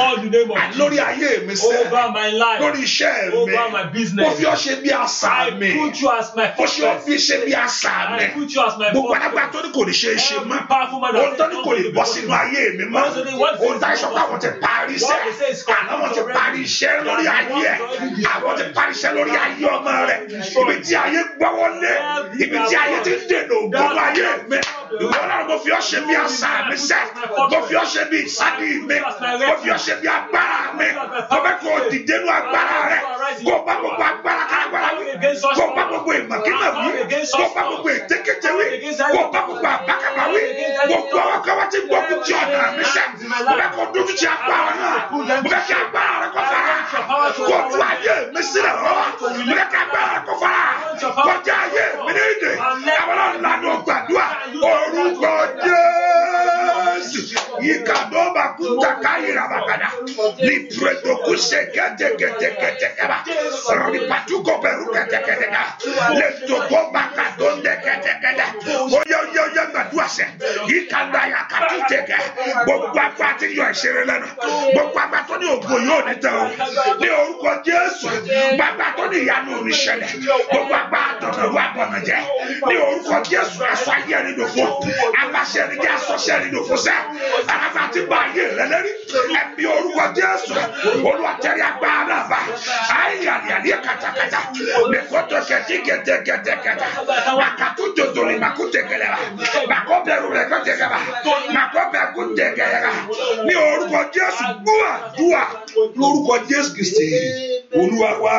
lórí ayé mi sẹ́ lórí iṣẹ́ mi mo fi ọ ṣe bí àṣà mi mo fi ọ fi ṣe bí àṣà mi gbogbo alágbára tó ní kò lè ṣe é ṣe mọ́ ohun tó ní kò lè bọ́ sínú ayé mi mọ́ ohun tó ní sọ pé àwọn ti parí sẹ́ àná wọn ti parí iṣẹ́ lórí ayé ẹ̀ àwọn ti parí iṣẹ́ lórí ayé ọmọ rẹ̀ ibi tí ayé gbọ́wọ́ lé ibi tí ayé ti ń dènà ògbó ayé wɔn a wofi ɔhyɛ bi asa mi sɛ wofi ɔhyɛ bi sadi mi wofi ɔhyɛ bi agbara mi wɔbɛ kɔ ɔdide nu agbara rɛ kó o bá gbogbo agbara karagbara wi kó o bá gbogbo ìmọ̀kínà wi kó o bá gbogbo ìtẹ́kẹ́tẹ́ wi kó o bá gbogbo àbákàbà wi gbogbo àwọn kan wá ti gbọ́ kú tí ọ̀nà mi sẹ́ wɔbɛ kɔ dúdú tí agbara náà wɔbɛ kí agbara rẹ kọ fara kó o tu ayé mi sí rẹ rọ wɔbɛ kí agbara rẹ kọ fara kó o jẹ ayé mi ní ìdè àwọn ọ̀nà lànà gbàdúrà ó orúkọ jésù ìkàdọ́bà kútàkà ìràbàkàdà lìpùrẹ́dọ̀kú ṣe kẹ́tẹ́kẹ́tẹ́kẹ́tẹ́kẹ́bà rìpàtúkọ̀ pẹ̀lú kẹ́tẹ́kẹ́tẹ́kẹ́ lẹ́tọ̀kọ́ bàkàdọ́ ń dẹ́kẹ́tẹ́kẹ́tẹ́ gbàdúrà sẹ ìkànnì àyà kàtú tẹgẹ gbogbo agbá ti yọ ìṣeré lẹ́nu gbogbo agbá tó ní ògo yóò ní tẹ o ní orúkọ Jésù gbogbo agbá tó ní ìyanu òní ṣẹlẹ̀ gbogbo agbá àtọ̀nàwó àbọ̀nà jẹ ní orúkọ Jésù aṣọ ayé ẹni dòfo abáṣẹ ẹni jẹ aṣọṣẹ ẹni dòfo sẹ àràfà ti bá ayé rẹ lẹ́rí ẹbí orúkọ Jésù olùwàtẹ́rì agbá náà bá ayé àlìyàlì kàtàkàtà mẹkọtọ kẹtíkẹtẹkẹtẹkẹtà àkàtúntòtò ni màkútẹkẹlẹ wa màkọ́bẹ̀rù rẹ̀ kọ́ jẹgẹ bá màkọ́bẹ̀ kó jẹgẹ yẹra ní orúkọ Jésù gbúà dúà lórúkọ Jésù Kristi olúwa wá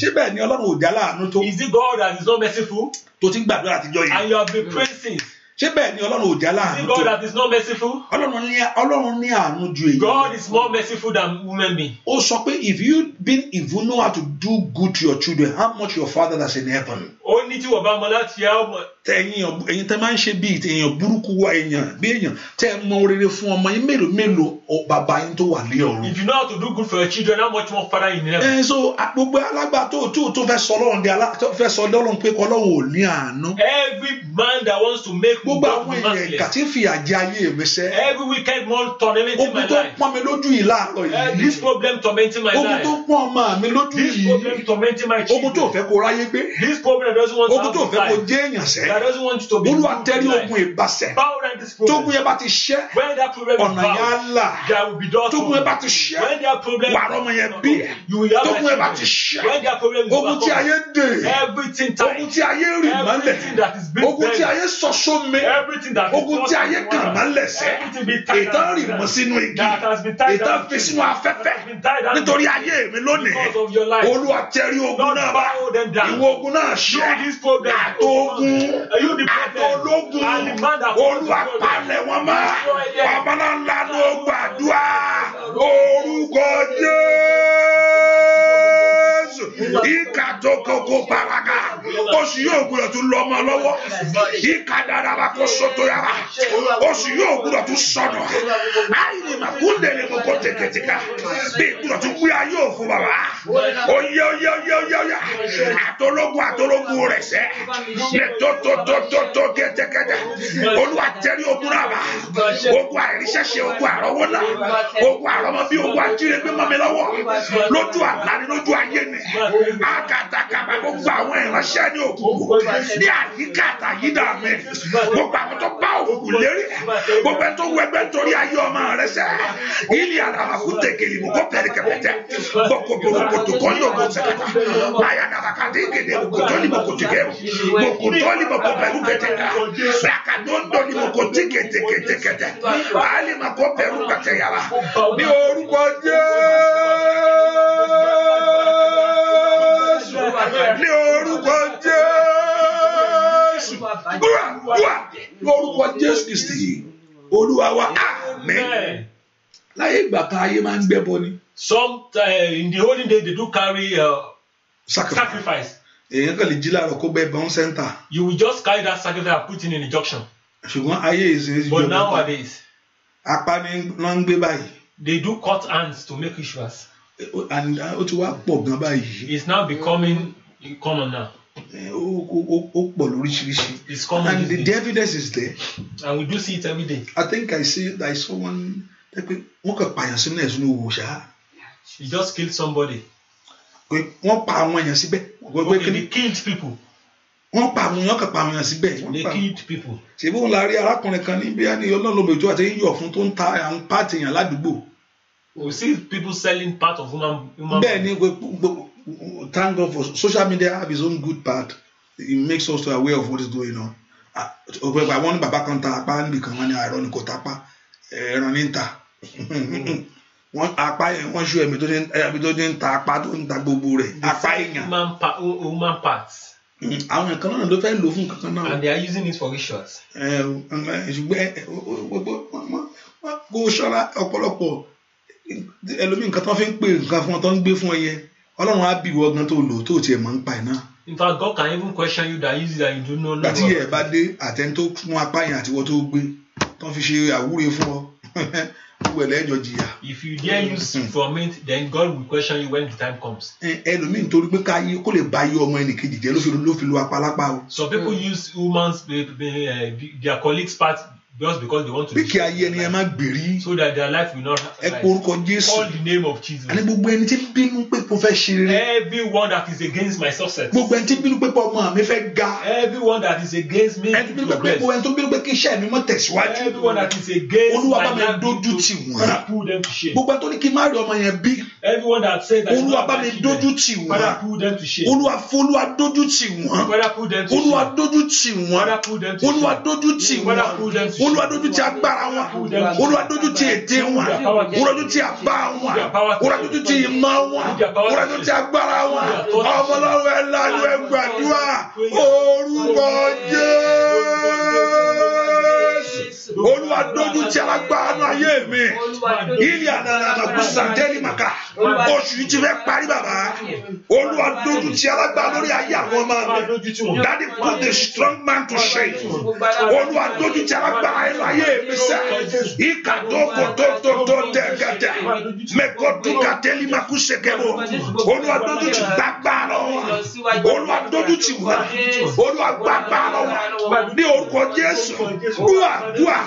síbẹ̀ ni Ọlọ́run ò dá láàánú tó. Is it God that is not merciful? tó ti ń gbàdúrà àtijọ́ yìí. and you have been praying since síbẹ̀ ni ọlọ́run ò jẹ́ láàánú jù. God that is not merciful. ọlọ́run ní ọlọ́run ní àánú ju èyí. God is more merciful than women be. ó sọ pé if you been if you know how to do good to your children how much your father that's in heaven. ó ní tí wọ́n bá mọ láti yá ọmọ ẹ̀yin ẹ̀yin máa ń ṣe bíi èèyàn burúkú wa èèyàn bí èèyàn tẹ́ mọ rere fún ọmọ yín mélòó mélòó bàbá yín tó wà ní ọ̀run. if you know how to do good for your children how much more father in heaven. ẹ eh, so gbogbo alágbà tó tó tó fẹ́ sọ lọ́run di alá tó sọ lọ́run pé kọ́ lọ́run ò ní àánú. every man that wants to make God gbogbo àwọn èèyàn kàtí fìyà jẹ ayé mi sẹ́. every weekend one tormenting my life. ogun tó pọ́n mi lójú yìí láàárọ̀ yìí. this problem tormenting my life. ogun tó pọ́n ọmọ mi lójú yìí. this problem tormenting my children. ogun tó fẹ́ kó ráyé gbé. this problem doesn't want to happen. ogun tó fẹ́ kó jẹ́ èèyàn sẹ́ olúwa tẹ́rí ogun ìbàsẹ̀ tógun yẹn bá ti ṣẹ́ ọ̀nà yẹn á là tógun yẹn bá ti ṣẹ́ wàrọ̀ ọmọ yẹn bí tógun yẹn bá ti ṣẹ́ ogun tí ayé dè ogun tí ayé rì mọ́lẹ̀ ogun tí ayé sọ́sọ́ mi ogun tí ayé kàn mọ́lẹ̀ sẹ́ ìtàn rì mọ́ sínú igi ìtàn fi sínú afẹ́fẹ́ nítorí ayé mi lónìí olúwa tẹ́rí ogun náà bá ìwọ ogun náà ṣẹ́ àtọ́gùn àtológun olùwàpàlẹ̀ wọn mọ́ ọmọlọ́lá ló gbàdúrà orúkọ Jésù ìkàtòkòkò paraka oṣù yóò gbúdọ̀ tún lọ ọmọ lọ́wọ́ ìka dáadáa kó soto yàrá oṣù yóò gbúdọ̀ tún sọnù àìní màkúndèrè kókó tèkétéka bí gbúdọ̀ tún gbúyà yóò fún bàbá oyè oyè oyè oyè àtológun àtológun rẹ̀ sẹ́ lẹ́tọ́tọ́ dọ́dọ́dọ́dọ́gẹ́dẹ́gẹ́dẹ́ olúwa tẹ́rí ogun náà bá ogun àìríṣẹ́ṣe ogun àrọ́wọ́ náà ogun àrọ́mọ bí ogun àjírégbé mọ́ mi lọ́wọ́ lójú àlá ni lójú ayé ni àgàtàkàbà gbogbo àwọn ìránṣẹ́ ní òkùnkùn ní àyíká àtàyídà mi gbogbo àwọn tó bá òkùnkùn lérí gbogbo ẹni tó wọ ẹgbẹ́ nítorí ayé ọmọ rẹ sẹ́ ilé àdàmàkú tẹ̀kẹ̀lì mú kó pẹ̀lú kẹ̀pẹ̀tẹ̀ gbọ̀kọ̀gbọ̀kọ̀tò kọ́ ní òkùnkùn sẹ̀kẹ̀tà àyàdàmàkàdé gèdè òkùnkùn tó makoperu beteka saka dondo ni moko tike tike tike te Jésù ní Olúwa wa àmín láyé ìgbà kan ayé máa ń gbẹbọ ni. some uh, in the holy day they do carry uh, sacrifice. sacrifice èèyàn kàn lè jí láàárọ̀ kó gbẹ́ ìbọn center. you will just carry that sacrifice and put in an injection. ṣùgbọ́n ayé ìsìn ìjọba but nowadays. apá ni wọ́n ń gbé báyìí. they do cut hands to make rituals. and uh, ó ti wá pọ̀ gan báyìí. it's now becoming common now. Eh, ó pọ̀ lóríṣiríṣi. it's common and the, the evidence is there. and we do see it every day. i think i see i saw one pé wọ́n kàn pààyàn sínú ẹ̀sùn owó ṣá. he just killed somebody. pé wọ́n pa àwọn èèyàn síbẹ̀ gbogbo kí ni killed people. wọ́n pa àwọn èèyàn kan pa àwọn èèyàn síbẹ̀. they killed people. ṣèbí wọn la rí arákùnrin kan ní bí ẹni ọlọ́run lóbi ojú àti yíyọ̀ fún tó ń ta àwọn páàtì èèyàn ládùúgbò. we see people selling part of human. bẹ́ẹ̀ ni gbogbo thank God for social media have its own good part it makes us aware of what is going on. Ah, ọ̀pẹ̀ àwọn bàbá kan ta apá nìkan wọn ni àìrọ́ ni kò tapá ẹ̀rọ ní ta wọn apá yẹn wọn ṣú ẹmí tó ní eh, ẹbí tó ní ta apá tó ń ta gbogbo rẹ apá èèyàn. human part. Hmm, àwọn nǹkan náà ló fẹ́ lò fún kankan náà. and they are using it for rituals. ṣùgbọ́n kó ṣọ́ra ọ̀pọ̀lọpọ̀ ẹlòmíì nǹkan tó fi ń pè nǹkan fún ọ tó ń gbé fún ọ yẹn ọlọ́run á bìwọ gan tó lò tó tiẹ̀ máa ń pa ẹ̀ náà. in fact God can even question you that easy that you do not know. àti yẹ ẹ bá dé àtẹni tó fún apá yẹn àtiwọ́ tó gbé tó fi ṣe àwúre fún ọ gbogbo ẹlẹ́jọ jìyà. if you dare hmm. use mm. from it then God will question you when the time comes. ẹlòmíì nítorí pé ká yí kó lè bá yí ọmọ ẹnì kejì jẹ ló fi lo apalapa o. some people hmm. use woman's eh, their colleagues part just because they want to. bí ayé ẹni ẹ má gbèrí. so that their life will not ẹ porúkọ Jésù. call the name of Jesus. àní gbogbo ẹni tí bínú pé kò fẹ́ ṣe rere. everyone that is against my success. gbogbo ẹni tí bínú pé kò ọmọ mi fẹ́ ga. everyone that is against me to progress. gbogbo ẹni tó bínú pé kí iṣẹ́ mi mọ́ tẹ̀síwájú. everyone that is against Olúwa bá mi dójú tì wọ́n. pull them to shame. gbogbo ẹni tó ní kí n má rí ọmọ yẹn bí. everyone that says that Olúwa bá mi dójú tì wọ́n. Father pull them Father pull them to shame. Olúwa olúwa dójú tì agbára wọn olúwa dójú tì ète wọn olúwa dójú tì àbá wọn olúwa dójú tì ìmọ̀ wọn olúwa dójú tì agbára wọn ọmọ ọlọ́run ẹ̀ lanu ẹ̀ gbàdúrà orúkọ Jésù olúwa dojú tí alágbára nù ayé mi ilé àdàdàdà gbèsàdéli màkà oṣù yìí ti fẹ́ parí bàbá olúwa dojú tí alágbára lórí ayé àwọn ọmọ mi daddy put the strong man to shame olúwa dojú tí alágbára nù ayé mi sẹ́ ìka tó kò tó tó tó tẹ̀ gẹ̀tẹ̀ mẹ́kọ̀ dúkà tẹ́lí màkú ṣèkẹ́bọ̀ olúwa dojú tí gbàgbára wọn olúwa dojú tí wọn olúwa gbàgbára wọn ní orúkọ jésù dúà dúà.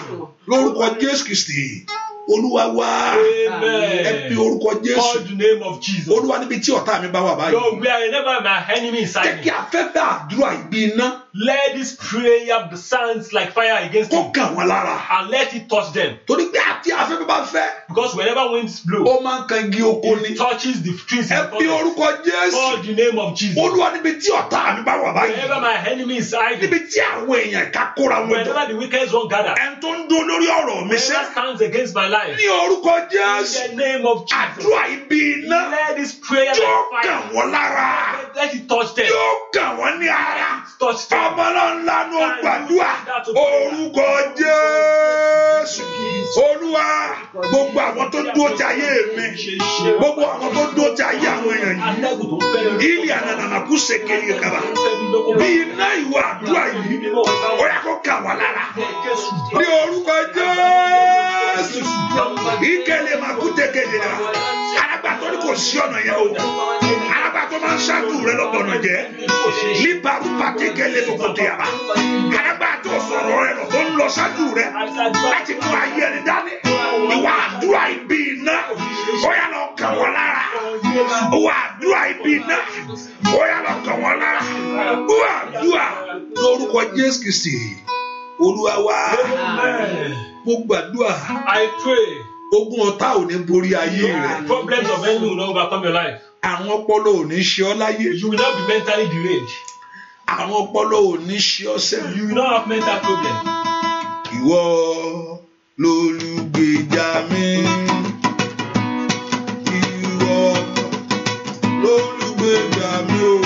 Lórúkọ Jésù Kristi. olúwa wá ẹ pe orúkọ jésù olúwa níbi tí ọ̀tá mi bá wà báyìí. lord wherever my enemy is hiding. kí afẹ́fẹ́ àdúrà ìbí iná. let this prayer sounds like fire against them. kó kàn wọ́n lára. and let it touch them. torí pé àti afẹ́fẹ́ bá fẹ́. because whenever winds blow. ó máa ń kan igi oko ni. it touches the trees in front of them. ẹ pe orúkọ jésù. call the name of jesus. olúwa níbi tí ọ̀tá mi bá wà báyìí. wherever my enemy is hiding. níbi tí àwọn èèyàn ìka wọn jọ. whenever the wicked one gather. ẹni tó ń dún lórí ọ̀rọ̀ mi sẹ́. whoever stands against my life life. Ní orúkọ Jésù. In the name of Jesus. Àdúrà ibi iná. Let this prayer be fire. Yóò kàn wọ́n lára. Let it touch them. Yóò kàn wọ́n ní ara. Touch them. Ọmọ náà ńlá ní ògbàdúrà. Orúkọ Jésù. Olúwa gbogbo àwọn tó dúró ti ayé mi. Gbogbo àwọn tó dúró ti ayé àwọn èèyàn yìí. Ilé ànànàmà kú sekele kaba. Bí iná ìwà àdúrà yìí. Ó yẹ kó kàn wọ́n lára. Ní orúkọ Jésù. Ikele màkútẹkẹlẹ la alágbàtọ́ ni kò sí ọ̀nà yẹn o alágbàtọ́ máa ń ṣáájú rẹ lọ́gbọ̀nà jẹ́ líbarú pàtẹkẹlẹ lókòtò yàrá alágbàtọ́ sọ̀rọ̀ rẹ lọ tó ń lọ ṣáájú rẹ láti mú ayé ẹni dání ìwà àdúrà ìbí iná bóyá lọ kàn wọ́n lára ìwà àdúrà ìbí iná bóyá lọ kàn wọ́n lára ìwà àdúrà lórúkọ Jésù Kristi olúwa wá. mo I pray. ogun ọ̀tá ò ní borí ayé rẹ. problems of enemy will not overcome your life. àwọn ọpọlọ ò ní ṣe ọ́ láyé. you will not be mentally deranged. àwọn ọpọlọ ò ní ṣe ọ́ sẹ́yìn. you will not have mental problems. ìwọ lolùgbèjà mi. ìwọ lolùgbèjà mi o.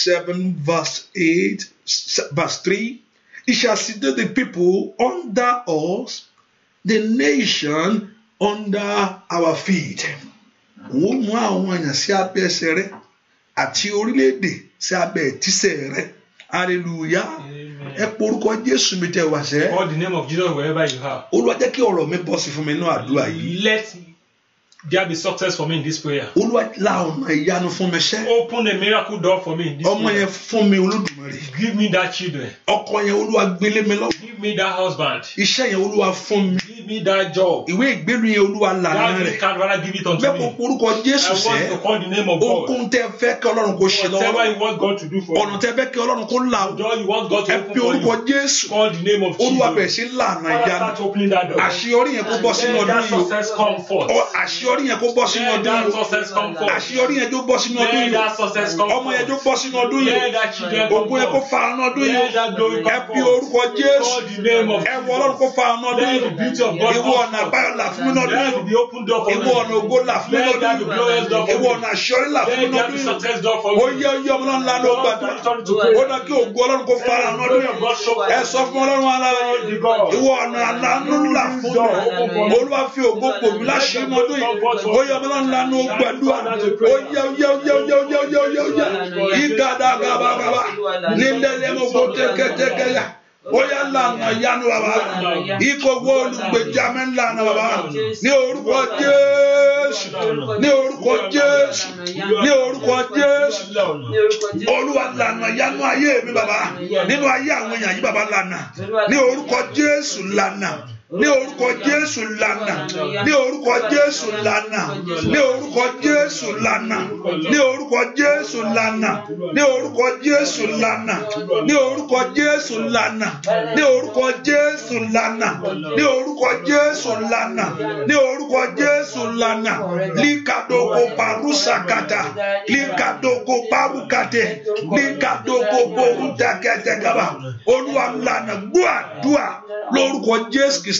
27, verse 8, verse 3 He shall subdue the people under us, the nation under our feet. Òun mú àwọn èèyàn sí abẹ́ ẹsẹ̀ rẹ̀ àti orílẹ̀-èdè sí abẹ́ ìtísẹ̀ rẹ̀. Hallelujah. Ẹ porúkọ Jésù mi tẹ wá All the name of Jesus wherever you are. Olúwa jẹ́ kí ọ̀rọ̀ mi bọ́ sí fún mi nínú àdúrà yìí. Let there be success for me in this prayer. olúwa la ọ̀nà ìyanu fún mi ṣe. open the miracle door for me in this prayer. ọmọ yẹn fún mi olódùmarè. give me that children. ọkọ yẹn olúwa gbélé mi lọ. give me that husband. iṣẹ́ yẹn olúwa fún mi. give me that job. ìwé ìgbélu yẹn olúwa lànà rẹ̀. that card rather give it unto me. bẹ́ẹ̀ mo porúkọ Jésù sẹ́. I want to call the name of God. ohun tẹ fẹ́ kí ọlọ́run kó ṣe lọ́wọ́. whatever you want God to do for you. ọ̀nà tẹ fẹ́ kí ọlọ́run kó là. door you want God to open for you. ẹ call the name of Jesus. olúwa bẹ̀rẹ̀ sí lànà ìyanu àṣeyọrí yẹn kó bọ́ sínú ọdún yìí àṣeyọrí yẹn tó bọ́ sínú ọdún yìí ọmọ yẹn tó bọ́ sínú ọdún yìí òkú yẹn kó fara ní ọdún yìí ẹ fi orúkọ Jésù ẹ wọ Ọlọ́run kó fara ní ọdún yìí ìwọ ọ̀nà àbáyọ là fún mi ní ọdún yìí ìwọ ọ̀nà ògo là fún mi ní ọdún yìí ìwọ ọ̀nà àṣeyọrí là fún mi ní ọdún yìí ó yẹ ọyẹ ọmọ náà ńlá ló gbàdúrà ó náà kí ògo Ọlọ́run kó fara yìí ó yẹ mọ́lá ńlá nu gbàdúrà ó yẹ ó yẹ ó yẹ ó yẹ ó yẹ ó yẹ ó yẹ ó yẹ ìdàdà gàbàgàbà nílẹ̀ lẹ́mọ̀ kó tẹ́kẹ́tẹ́kẹ́ yá bóyá lànà yanu baba ìkọ̀wé olùgbèjàmẹ́ lànà baba ní orúkọ jésù ní orúkọ jésù ní orúkọ jésù olúwa lànà yanu ayé mi baba nínú ayé àwọn èèyàn yìí baba lànà ní orúkọ jésù lànà ní orúkọ jésù lànà ní orúkọ jésù lànà ní orúkọ jésù lànà ní orúkọ jésù lànà ní orúkọ jésù lànà ní orúkọ jésù lànà ní orúkọ jésù lànà ní orúkọ jésù lànà ní orúkọ jésù lànà líkàdógó parúsàkàtà líkàdógó parúkàtẹ líkàdógó borúdàkẹtẹkàbà olúwa lànà gbọ́ àdúrà lórúkọ jésù kìí.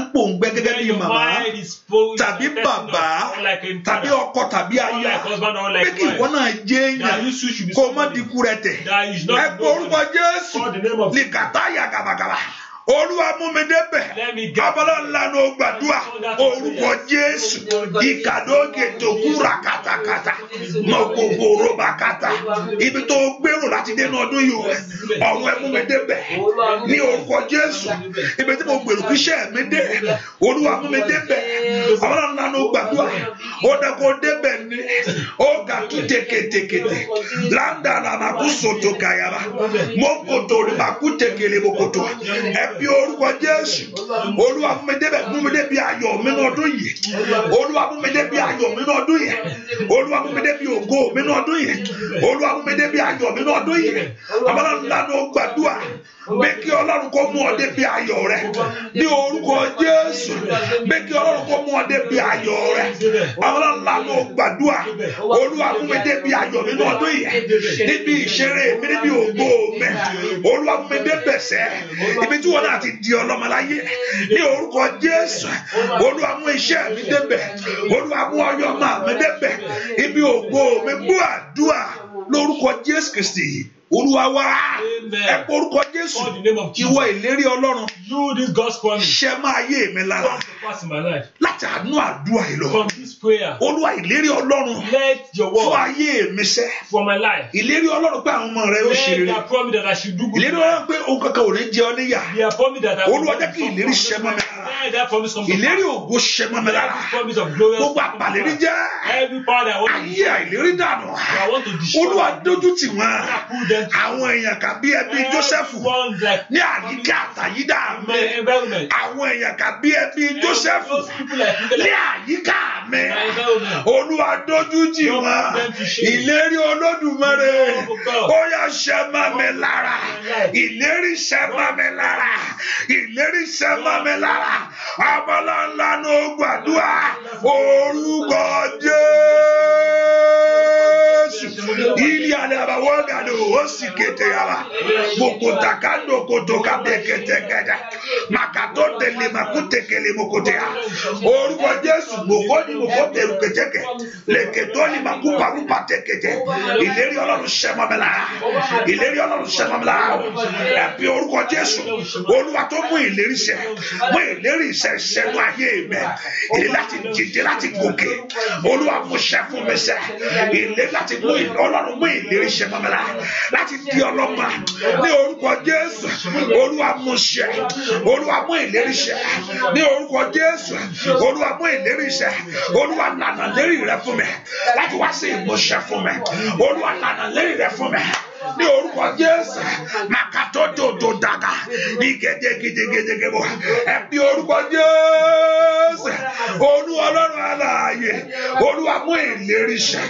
ń pòǹgbẹ gẹ́gẹ́ bí màmá tàbí bàbá tàbí ọkọ tàbí aya pé kí ìwọ náà jẹ́ èèyàn kó má dikú rẹ tẹ̀ ẹ gbọ́ orúkọ Jésù lè kàtá yà gàbàgàbà. olúwa mú mi débẹ̀ abala ńlá ló gbàdúrà orúkọ jésù ìkàdóge tó kúra kàtàkàtà mọ̀gbogbo rọ́bà kata ibi tó gbèrò láti dénú ọdún yìí rẹ̀ ọ̀run ẹ̀ mú mi débẹ̀ ní orúkọ jésù ibi tí mo gbèrò kí iṣẹ́ mi dé olúwa mú mi débẹ̀ ńlá ó débẹ̀ ní bí orúkọ Jésù olúwa mú mi débẹ̀ mú mi débi ayọ̀ mi ní ọdún yìí olúwa mú mi débi ayọ̀ mi ní ọdún yìí olúwa mú mi débi ògo mi ní ọdún yìí olúwa mú mi débi ayọ̀ mi ní ọdún yìí abala ńlá ló gbàdúrà bí kí ọlọ́run kó mú ọ débi ayọ̀ rẹ ní orúkọ jésù bí kí ọlọ́run kó mú ọ débi ayọ̀ rẹ àwọn ọlọ́run gbàdúrà olúwa mú mi débi ayọ̀ mi ní ọdún yẹn níbi ìṣeré mi níbi ògbó mi olúwa mú mi débẹ̀ sẹ́ ibi tí wọn náà ti di ọlọ́mọláyé ní orúkọ jésù olúwa mú iṣẹ́ mi débẹ̀ olúwa mú ọyọ́ máa mi débẹ̀ ibi ògbó mi gbọ́ àdúrà lórúkọ jésù kristi olúwa wá ẹ porúkọ jésù ìwọ ìlérí ọlọ́run ṣe máa yé mi lára láti àánú àdúrà yìí lọ olúwa ìlérí ọlọ́run fún ayé mi ṣẹ ìlérí ọlọ́run pé àwọn ọmọ rẹ ó ṣe rere ìlérí ọlọ́run pé ohun kankan ò ní jẹ ọ níyà olúwa jẹ́ kí ìlérí ṣẹ mọ́ mi ìlérí ògo ṣe mọ́ mi lára gbogbo àpàlérí jẹ́ ayé àìlérí dànù olúwa dójú tì wọ́n àwọn èèyàn kàbí ẹbí Jósẹ́fù ní àyíká àtàyídà mi àwọn èèyàn kàbí ẹbí Jósẹ́fù ní àyíká mi olúwa dójú tì wọ́n ìlérí Olódùmarè ó yá ṣe mọ́ mi lára ìlérí ṣe mọ́ mi lára ìlérí ṣe mọ́ mi lára abọ́láńlá ló gbàdúrà orúkọ Jésù ilé àdàbà wọ́gàdì ó sì kété yàrá gbogbo takando kotoka bẹ́ẹ̀ kẹtẹ màkà tẹ̀lé makutekele mokotea orúkọ jésù gbogbo ni gbogbo tẹ̀lé kẹjẹkẹ lẹkẹtọ́ ni makuparupa tẹkẹjẹ ìlérí ọlọ́run sẹ́mọ́mẹ́lá ìlérí ọlọ́run sẹ́mọ́mẹ́lá ẹ̀bí orúkọ jésù olúwa tó mú ìlérí ṣẹ mú ìlérí ṣẹ ṣẹnu ayé mẹ èyí láti dìde láti gòkè olúwa mú ṣẹ fún mi ṣẹ ìlérí láti mú ọlọ́run mú ìlérí sẹ́mọ́mẹ́lá láti di ọlọ́mọ ní orúkọ jésù olúwa mú ṣẹ olúwa mú ìlérí ìlérí ṣẹ ní orúkọ Jésù olúwa mú ìlérí ṣẹ olúwa lànà lérí rẹ fún mi láti wá sí ìmúṣẹ fún mi olúwa lànà lérí rẹ fún mi ní orúkọ Jésù màkàtó dòdò dàgà ní gèdègèdègèdègèbò ẹ ní orúkọ Jésù olú ọlọ́run aláàyè olúwa mú ìlérí ṣẹ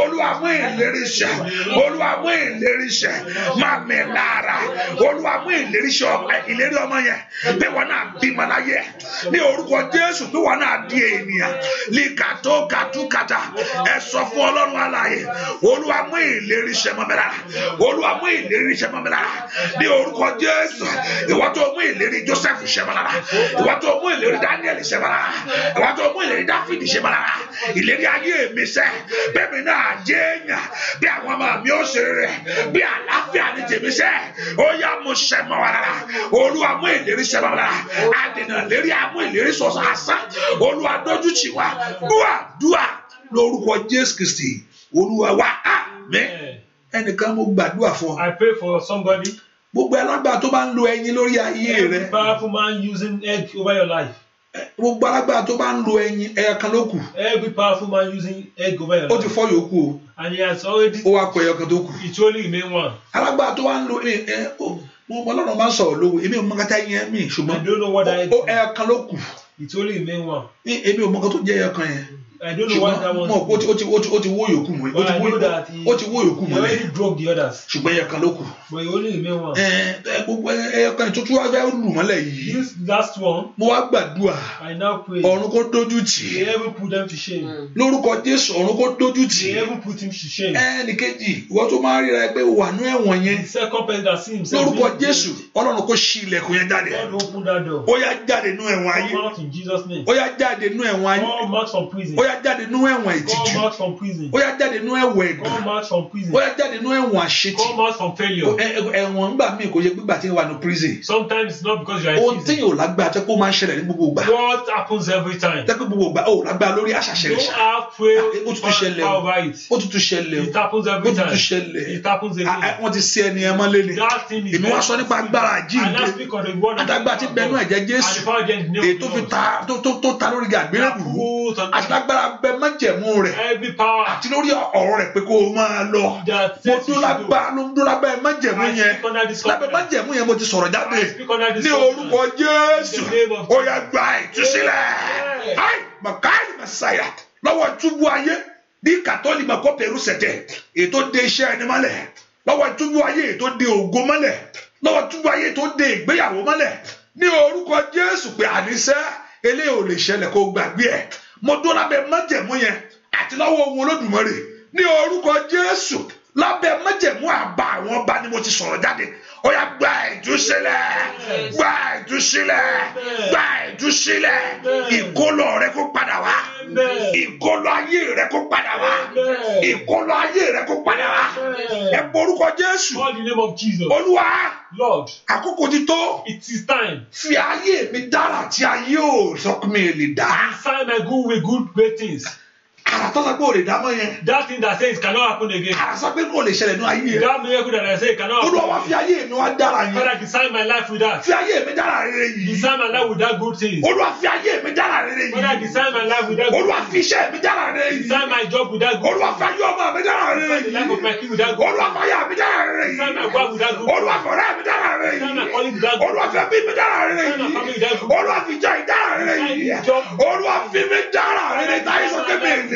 olúwa mú ìlérí ṣẹ olúwa mú ìlérí ṣẹ máa mẹ lára olúwa mú ìlérí ṣẹ ìlérí ọmọ yẹn pé wọn náà bímọ láyé ní orúkọ Jésù pé wọn náà di ènìyàn líkàtó gàtúkàtà ẹ sọ fún ọlọ́run aláàyè olúwa mú ìlérí ṣẹ olúwa mú ìlérí ṣẹ mọ́ mi lára ní orúkọ jésù ìwọ tó mú ìlérí joseph ṣẹ mọ́ lára ìwọ tó mú ìlérí daniel ṣẹ mọ́ lára ìwọ tó mú ìlérí david ṣẹ mọ́ lára ìlérí ayé mi ṣẹ bẹ́ẹ̀ mi náà jẹ́ èèyàn bí àwọn ọmọ mi ó ṣe rẹ̀ bí àlàáfíà ní tèmi ṣẹ ó yá mu ṣẹ mọ́ wa lára olúwa mú ìlérí ṣẹ mọ́ lára adènà lérí amú ìlérí sọ̀sọ̀ àṣà olúwa dójú tì wá dúà dúà lórúkọ jésù kristi olúwa wa àmín ẹnìkan mo gbàdúrà fún ọ. I pray for somebody. gbogbo alágbà tó bá ń lo ẹyin lórí ayé rẹ. every powerful man using egg over your life. gbogbo alágbà tó bá ń lo ẹyin ẹyọ kan ló kù. every powerful man using egg over your life. ó ti fọ́ yòókù o. and he has already. ó wá kọ ẹyọ kan tó kù. it only remain one. alágbà tó bá ń lo ẹ ẹ mo ọlọ́run máa ń sọ̀rọ̀ lówó èmi ò mọ kata yẹn mi ṣùgbọ́n ẹyọ kan ló kù. it only remain one. èmi ò mọ kan tó jẹ́ ẹyọ kan yẹn ṣùgbọ́n mọ̀ ó ti ó ti ó ti ó ti wó yòókù mọ́ ó ti wó ó ti wó yòókù mọ́ lẹ́yìn ṣùgbọ́n ẹyẹ kan ló kù ẹ gbogbo ẹyẹ kan tó tún wá fẹ́ lù mọ́lẹ̀ yìí mo wá gbàdúrà ọ̀run kó dójú tì í mm. lórúkọ Jésù ọ̀run kó dójú tì í ẹnì kejì ìwọ tó máa ríra ẹgbẹ́ wà nú ẹ̀wọ̀n yẹn lórúkọ Jésù ọlọ́run kó ṣí ilẹ̀kùn yẹn jáde ó yá jáde nú ẹ̀wọ̀n ayé ó yá jáde nú ẹ̀wọ̀n ayé yà jáde nínú ẹ̀wọ̀n ìtìjú ó yà jáde nínú ẹ̀wọ̀n ẹ̀gàn ó yà jáde nínú ẹ̀wọ̀n àṣetì ẹ̀wọ̀n ńgbà míì kò yẹ gbígbà tí wà ní prison ohun tí yóò lágbára tẹ́ kó máa ń ṣẹlẹ̀ ní gbogbo ìgbà tẹ́ pé gbogbo ìgbà ó lágbára lórí àṣàṣẹlẹ̀ ah, ó tutù ṣẹlẹ̀ ó tutù ṣẹlẹ̀ ó tutù ṣẹlẹ̀ wọ́n ti ṣe ẹni ẹmọ lélẹ̀ èmi wá sọ nípa agbára àjíǹde àtàgbà tí bẹnu ẹ̀jẹ̀ Jésù èyí tó ta lórí gàgbéra wù àtàgbà agbára bẹ májẹ̀mú rẹ̀ àti lórí ọ̀rọ̀ rẹ̀ pé kó o máa lọ mo dúnlágbá ló ń dúnlágbá ẹ májẹ̀mú yẹn lábẹ́ májẹ̀mú yẹn mo ti sọ̀rọ̀ jáde ní orúkọ Jésù ó yá gba ìtúsílẹ̀ ai makai masaya lọ́wọ́ túbú ayé ní kàtọ́lì mako pẹ̀lú sẹ̀tẹ̀ ètò de iṣẹ́ ẹni mọ́lẹ̀ lọ́wọ́ túbú ayé ètò de ògo mọ́lẹ̀ lọ́wọ́ túbú ayé ètò de ìgbéyàwó mọ́lẹ̀ ní orúkọ Jésù pé àníṣe eléyìí ò lè ṣẹlẹ̀ kó gbàgbé ẹ̀ mo dúró lábẹ́ májẹ̀mú yẹn àti lọ́wọ́ ohun Olódùmarè ní orúkọ Jésù lábẹ́ májẹ̀mú àbá àwọn ọba ni mo ti sọ̀rọ̀ jáde ó yá gba ìtúsílẹ̀ gba ìtúsílẹ̀ gba ìtúsílẹ̀ ìkólọ rẹ kó padà wá ìkólọ ayé rẹ kó padà wá ìkólọ ayé rẹ kó padà wá ẹ borúkọ Jésù Olúwa àkókò ti tó fi ayé mi dára tí ayé ò sọ pé mi lè dá. Sign my good with good great things àrà sọ pé o lè dámọ́ yẹn. that thing that says cannot happen again. àrà pé kò lè ṣẹlẹ̀ ní ayé yẹn. that miracle that I say cannot happen. olúwa fi ayé mi wá dára yẹn. father design my life with that. fi ayé mi dára rere yìí. design my life with that good thing. olúwa fi ayé mi dára rere yìí. father design my life with that good thing. olúwa fi iṣẹ́ mi dára rere yìí. design my job with that good thing. olúwa fi ayé ọmọ mi dára rere yìí. design the life of my kid with that good thing. olúwa fi aya mi dára rere yìí. design my work with that good thing. olúwa fi ọ̀rẹ́ mi dára rere yìí. design my colleague with that good thing. olúwa fi ẹbí mi dára rere yìí. design my family with that good thing. olúwa fi ìjọ ìdára rere yìí.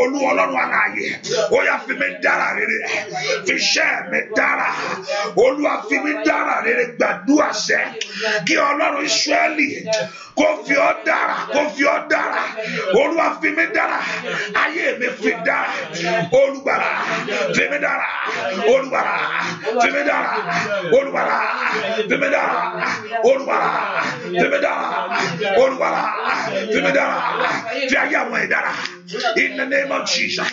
olú ọlọ́run aláàyè ó yá fi mi dára rere fi iṣẹ́ mi dára olúwa fi mi dára rere gbàdúrà sẹ́ kí ọlọ́run Ísírẹ́lì kó fi ọ́ dára olúwa fi mi ayé mi fi dára olùgbàlà fi mi dára olùgbàlà fi mi dára olùgbàlà fi mi dára olùgbàlà fi mi fi ayé àwọn ẹ̀ dára in the name of Jesus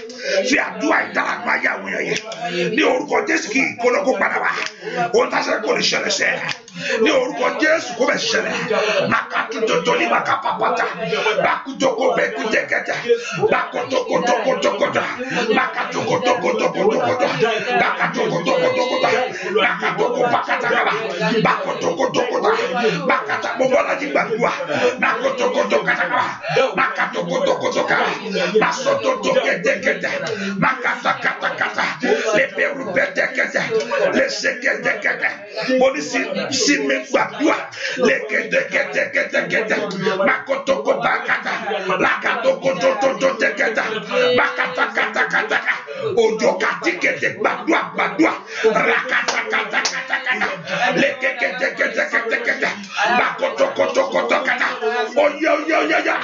fi àdúrà ìdára àgbà ayé àwọn ẹ̀ yẹ ní orúkọ Jésù kólókó padà wá ohun tá kò lè ṣẹlẹ̀ ní orúkọ jésù kó bẹ ṣẹlẹ̀ makatujojo ní makapapata bakujoko bẹkujẹkẹjẹ bakotokotokotokoda bakatokotokotokotokoda bakatokotokotokoda bakatokopakatakaba bakotokotokota bakata bọbọlaji gbàdúrà nakotokotokatakaba makatokotokotoka masototokẹjẹkẹjẹ makatakatakata lẹbẹrù bẹtẹkẹjẹ lẹsẹkẹjẹkẹjẹ polisi simegbagbua leketeketekete makotokobakata lakatokototototeketa bakatakatakataka ojokatikete gbadua gbadua rakatakatakata lekeketeketekete makotokotokotokata oyeoyeoyeya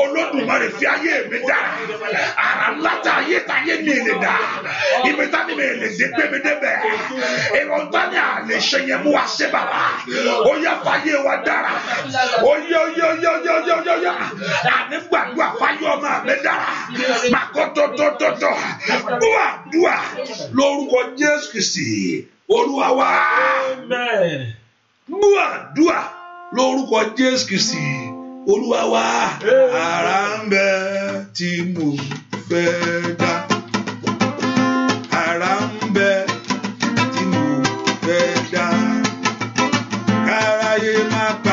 olódùmarè fi ayé mi dára ara ńlá ta ayé ta ayé mi lè dá ibi tá mi lè dé gbé mi débẹ̀ èrò ń tán ní àlè ṣe yẹn mú wa ṣe bàbá dára ó yá fàyè wa dára ó yá ó yá ó yá ó yá ó yá ó àní gbàdúrà fàyè ọmọ mi dára màkótótótótó dùà dùà lórúkọ Jésù Kristi Olúwa wa dùà dùà lórúkọ Jésù Kristi Olúwa wa ara ń bẹ tí mo fẹ́ dá ara ń. My.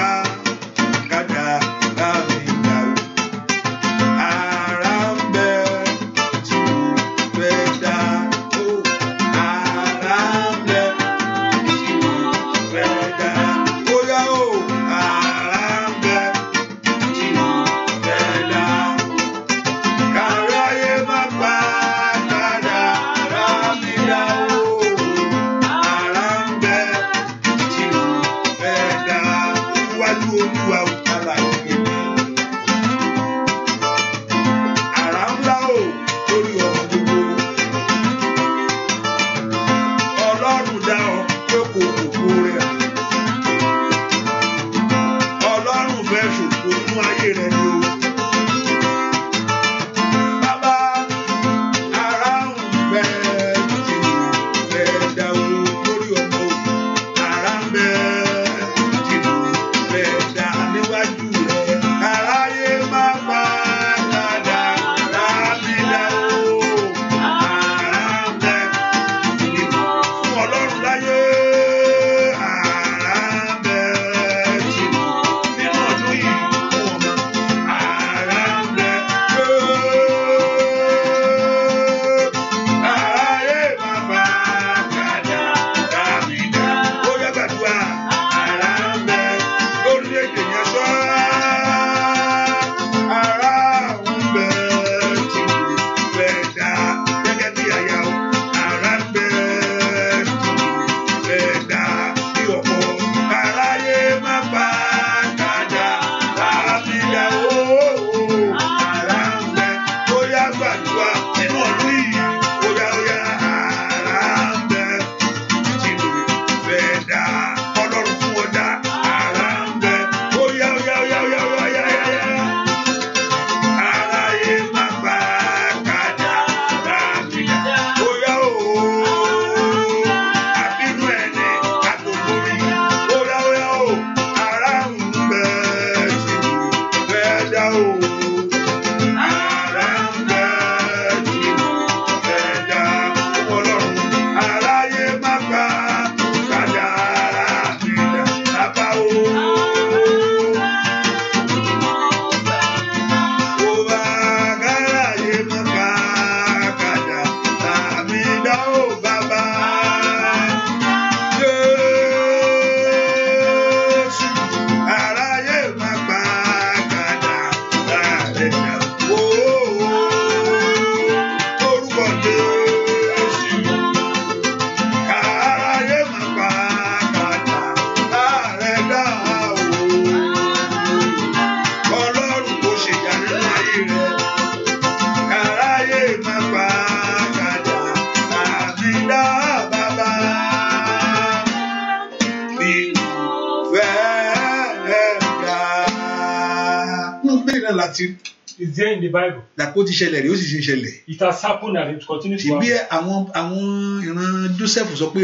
until is there in the bible. Dàpọ̀ ti ṣẹlẹ̀ rí ó sì ṣe ṣẹlẹ̀. It has happened and it continues to happen. Ṣèbí àwọn àwọn ìran Joseph sọ pé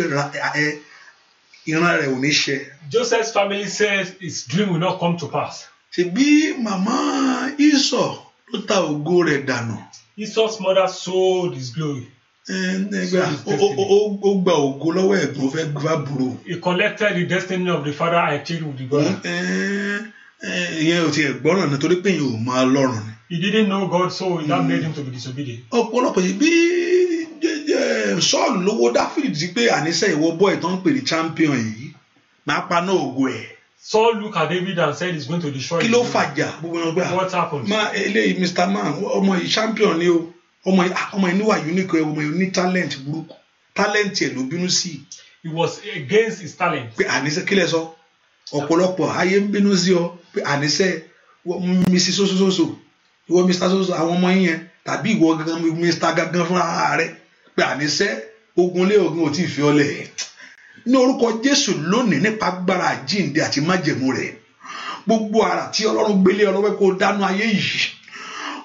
ìran rẹ̀ ò ní ṣẹ. Joseph's family says his dream will not come to pass. Ṣèbí màmá Esau ló ta ògo rẹ̀ dànù. Esau's mother sold his glory. Ó gba ògo lọ́wọ́ ẹ̀gbọ́n fẹ́ gbàbúrò. He collected the destiny of the father and changed with the brother ìyẹn ò tiẹ̀ gbọ́ràn ni torí pé yẹn máa lọ́rùn ni. he didn't know God so that mm. made him to be disobedient. ọ̀pọ̀lọpọ̀ yìí bí Sọ́ọ̀lù lówó Dáfídì ti pé àníṣe ìwọ bọ́ọ̀ tó ń pè ní champion yìí máa paná ògo ẹ̀. Saul looked at David and said he's going to destroy him. kí ló fàjà gbogbo ẹni ọgbà what happened. ma eléyìí Mr. Man ọmọ yìí champion ni o ọmọ ah, ọmọ yìí níwà unique ọmọ yìí ní talent burúkú talent ẹ̀ ló bínú sí. he was against his talent. pé àníṣe kí lẹ sọ. So? ọ̀pọ̀lọpọ̀ ayé ń bínú sí ọ pé àníṣe mrs sosososo ìwọ mr soso àwọn ọmọ yín yẹn tàbí ìwọ gangan mr gangan fúnra rẹ pé àníṣe ogun lé ogun ò tí ì fi ọlẹ̀ ní orúkọ jésù lónìí nípa agbára àjíǹde àti májẹ̀mú rẹ̀ gbogbo ara tí ọlọ́run gbélé ọlọ́wẹ́ kó dánú ayé yìí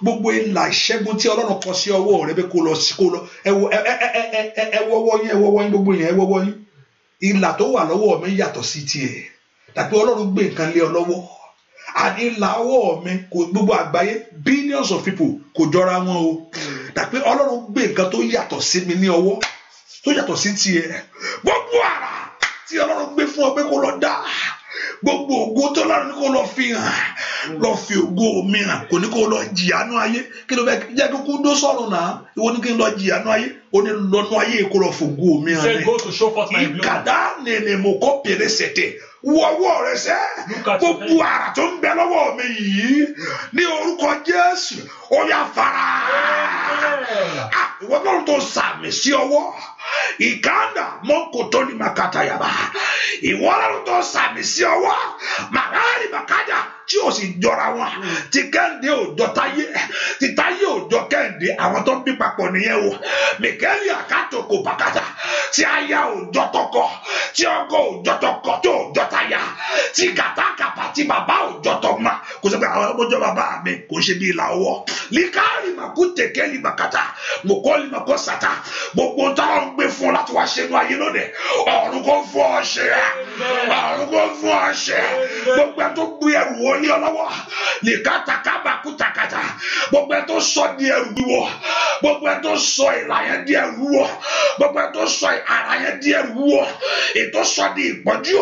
gbogbo ìlà ìṣẹ́gun tí ọlọ́run kọ sí ọwọ́ rẹ pé kó lọ sí kó lọ ẹwọ́ wọ́yín ẹwọ́ wọ́yín gbogbo yẹn ẹwọ́ wọ́yín ìlà tó wà lọ́wọ́ mi yàtọ̀ sí tiẹ̀ tàbí ọlọ́run gbé nǹkan lé ọ lọ́wọ́ àní làwọ̀ mi kò gbogbo àgbáyé billions of people kò jọra wọn o tàbí ọlọ́run gbé nǹkan tó yàtọ̀ sí mi ní ọwọ́ tó yàtọ̀ sí tiẹ̀ gbogbo àrà tí ọlọ́run gbé fún ọ pé kó lọ dá gbogbo ògo tó lọ́rùn ní kó lọ fi hàn lọ fi ògo mi hàn kò ní kó lọ jìyànú ayé kí ló fẹ́ jẹ́ kí kú dó sọ̀rọ̀ náà ìwọ ní kí n lọ jìyànú ayé ó ní lọ́nú ayé kó lọ fògo mi hàn ní. ìkàdá nìyẹn mo kọ́ pèrè sẹ̀tẹ̀ wọ́wọ́ rẹ sẹ́ gbogbo ara tó ń bẹ lọ́wọ́ mi yìí ní orúkọ Jésù ó yá fara ah, ìwọ́n bọ́ọ̀lù tó sàmì sí ọwọ́ ikanda mokotoni makatayaba ìwọ ọlọ́run tó sàmì sí ọwọ́ màráàlì màkájà tí o sì jọra wọn ti kẹ́hìndé òjọ táyé ti táyé òjọ kẹ́hìndé àwọn tó ń bí papọ̀ nìyẹn o mìkẹ́lì àkàtò kò bàkàtà tí aya òjọ tọkọ tí ọkọ òjọ tọkọ tó òjọ táyà tí kàtàkàtà tí bàbá òjọ tọmọ kò sọ àwọn ọmọjọ bàbá mi kò ṣe bí ìlà ọwọ́ líkàrì màkú tẹkẹ́lì bàkàtà mọ̀kọ́lì màkọ́ sàtà gbogbo táwọn gbé fún ọ láti wá ṣe inú ayé lónìí ọ̀run kò fún ọ ṣe ọ̀run kò fún ọ ṣe gbogbo ẹ tó gbé ẹrù wọn ní ọlọ́wọ́ nìkàtàkàbà kùtàkàtà gbogbo ẹ tó sọ di ẹrù wíwọ gbogbo ẹ tó sọ ìlàyẹ di ẹrù wọ gbogbo ẹ tó sọ ara yẹn di ẹrù wọ ètò sọ di ìpọ́njú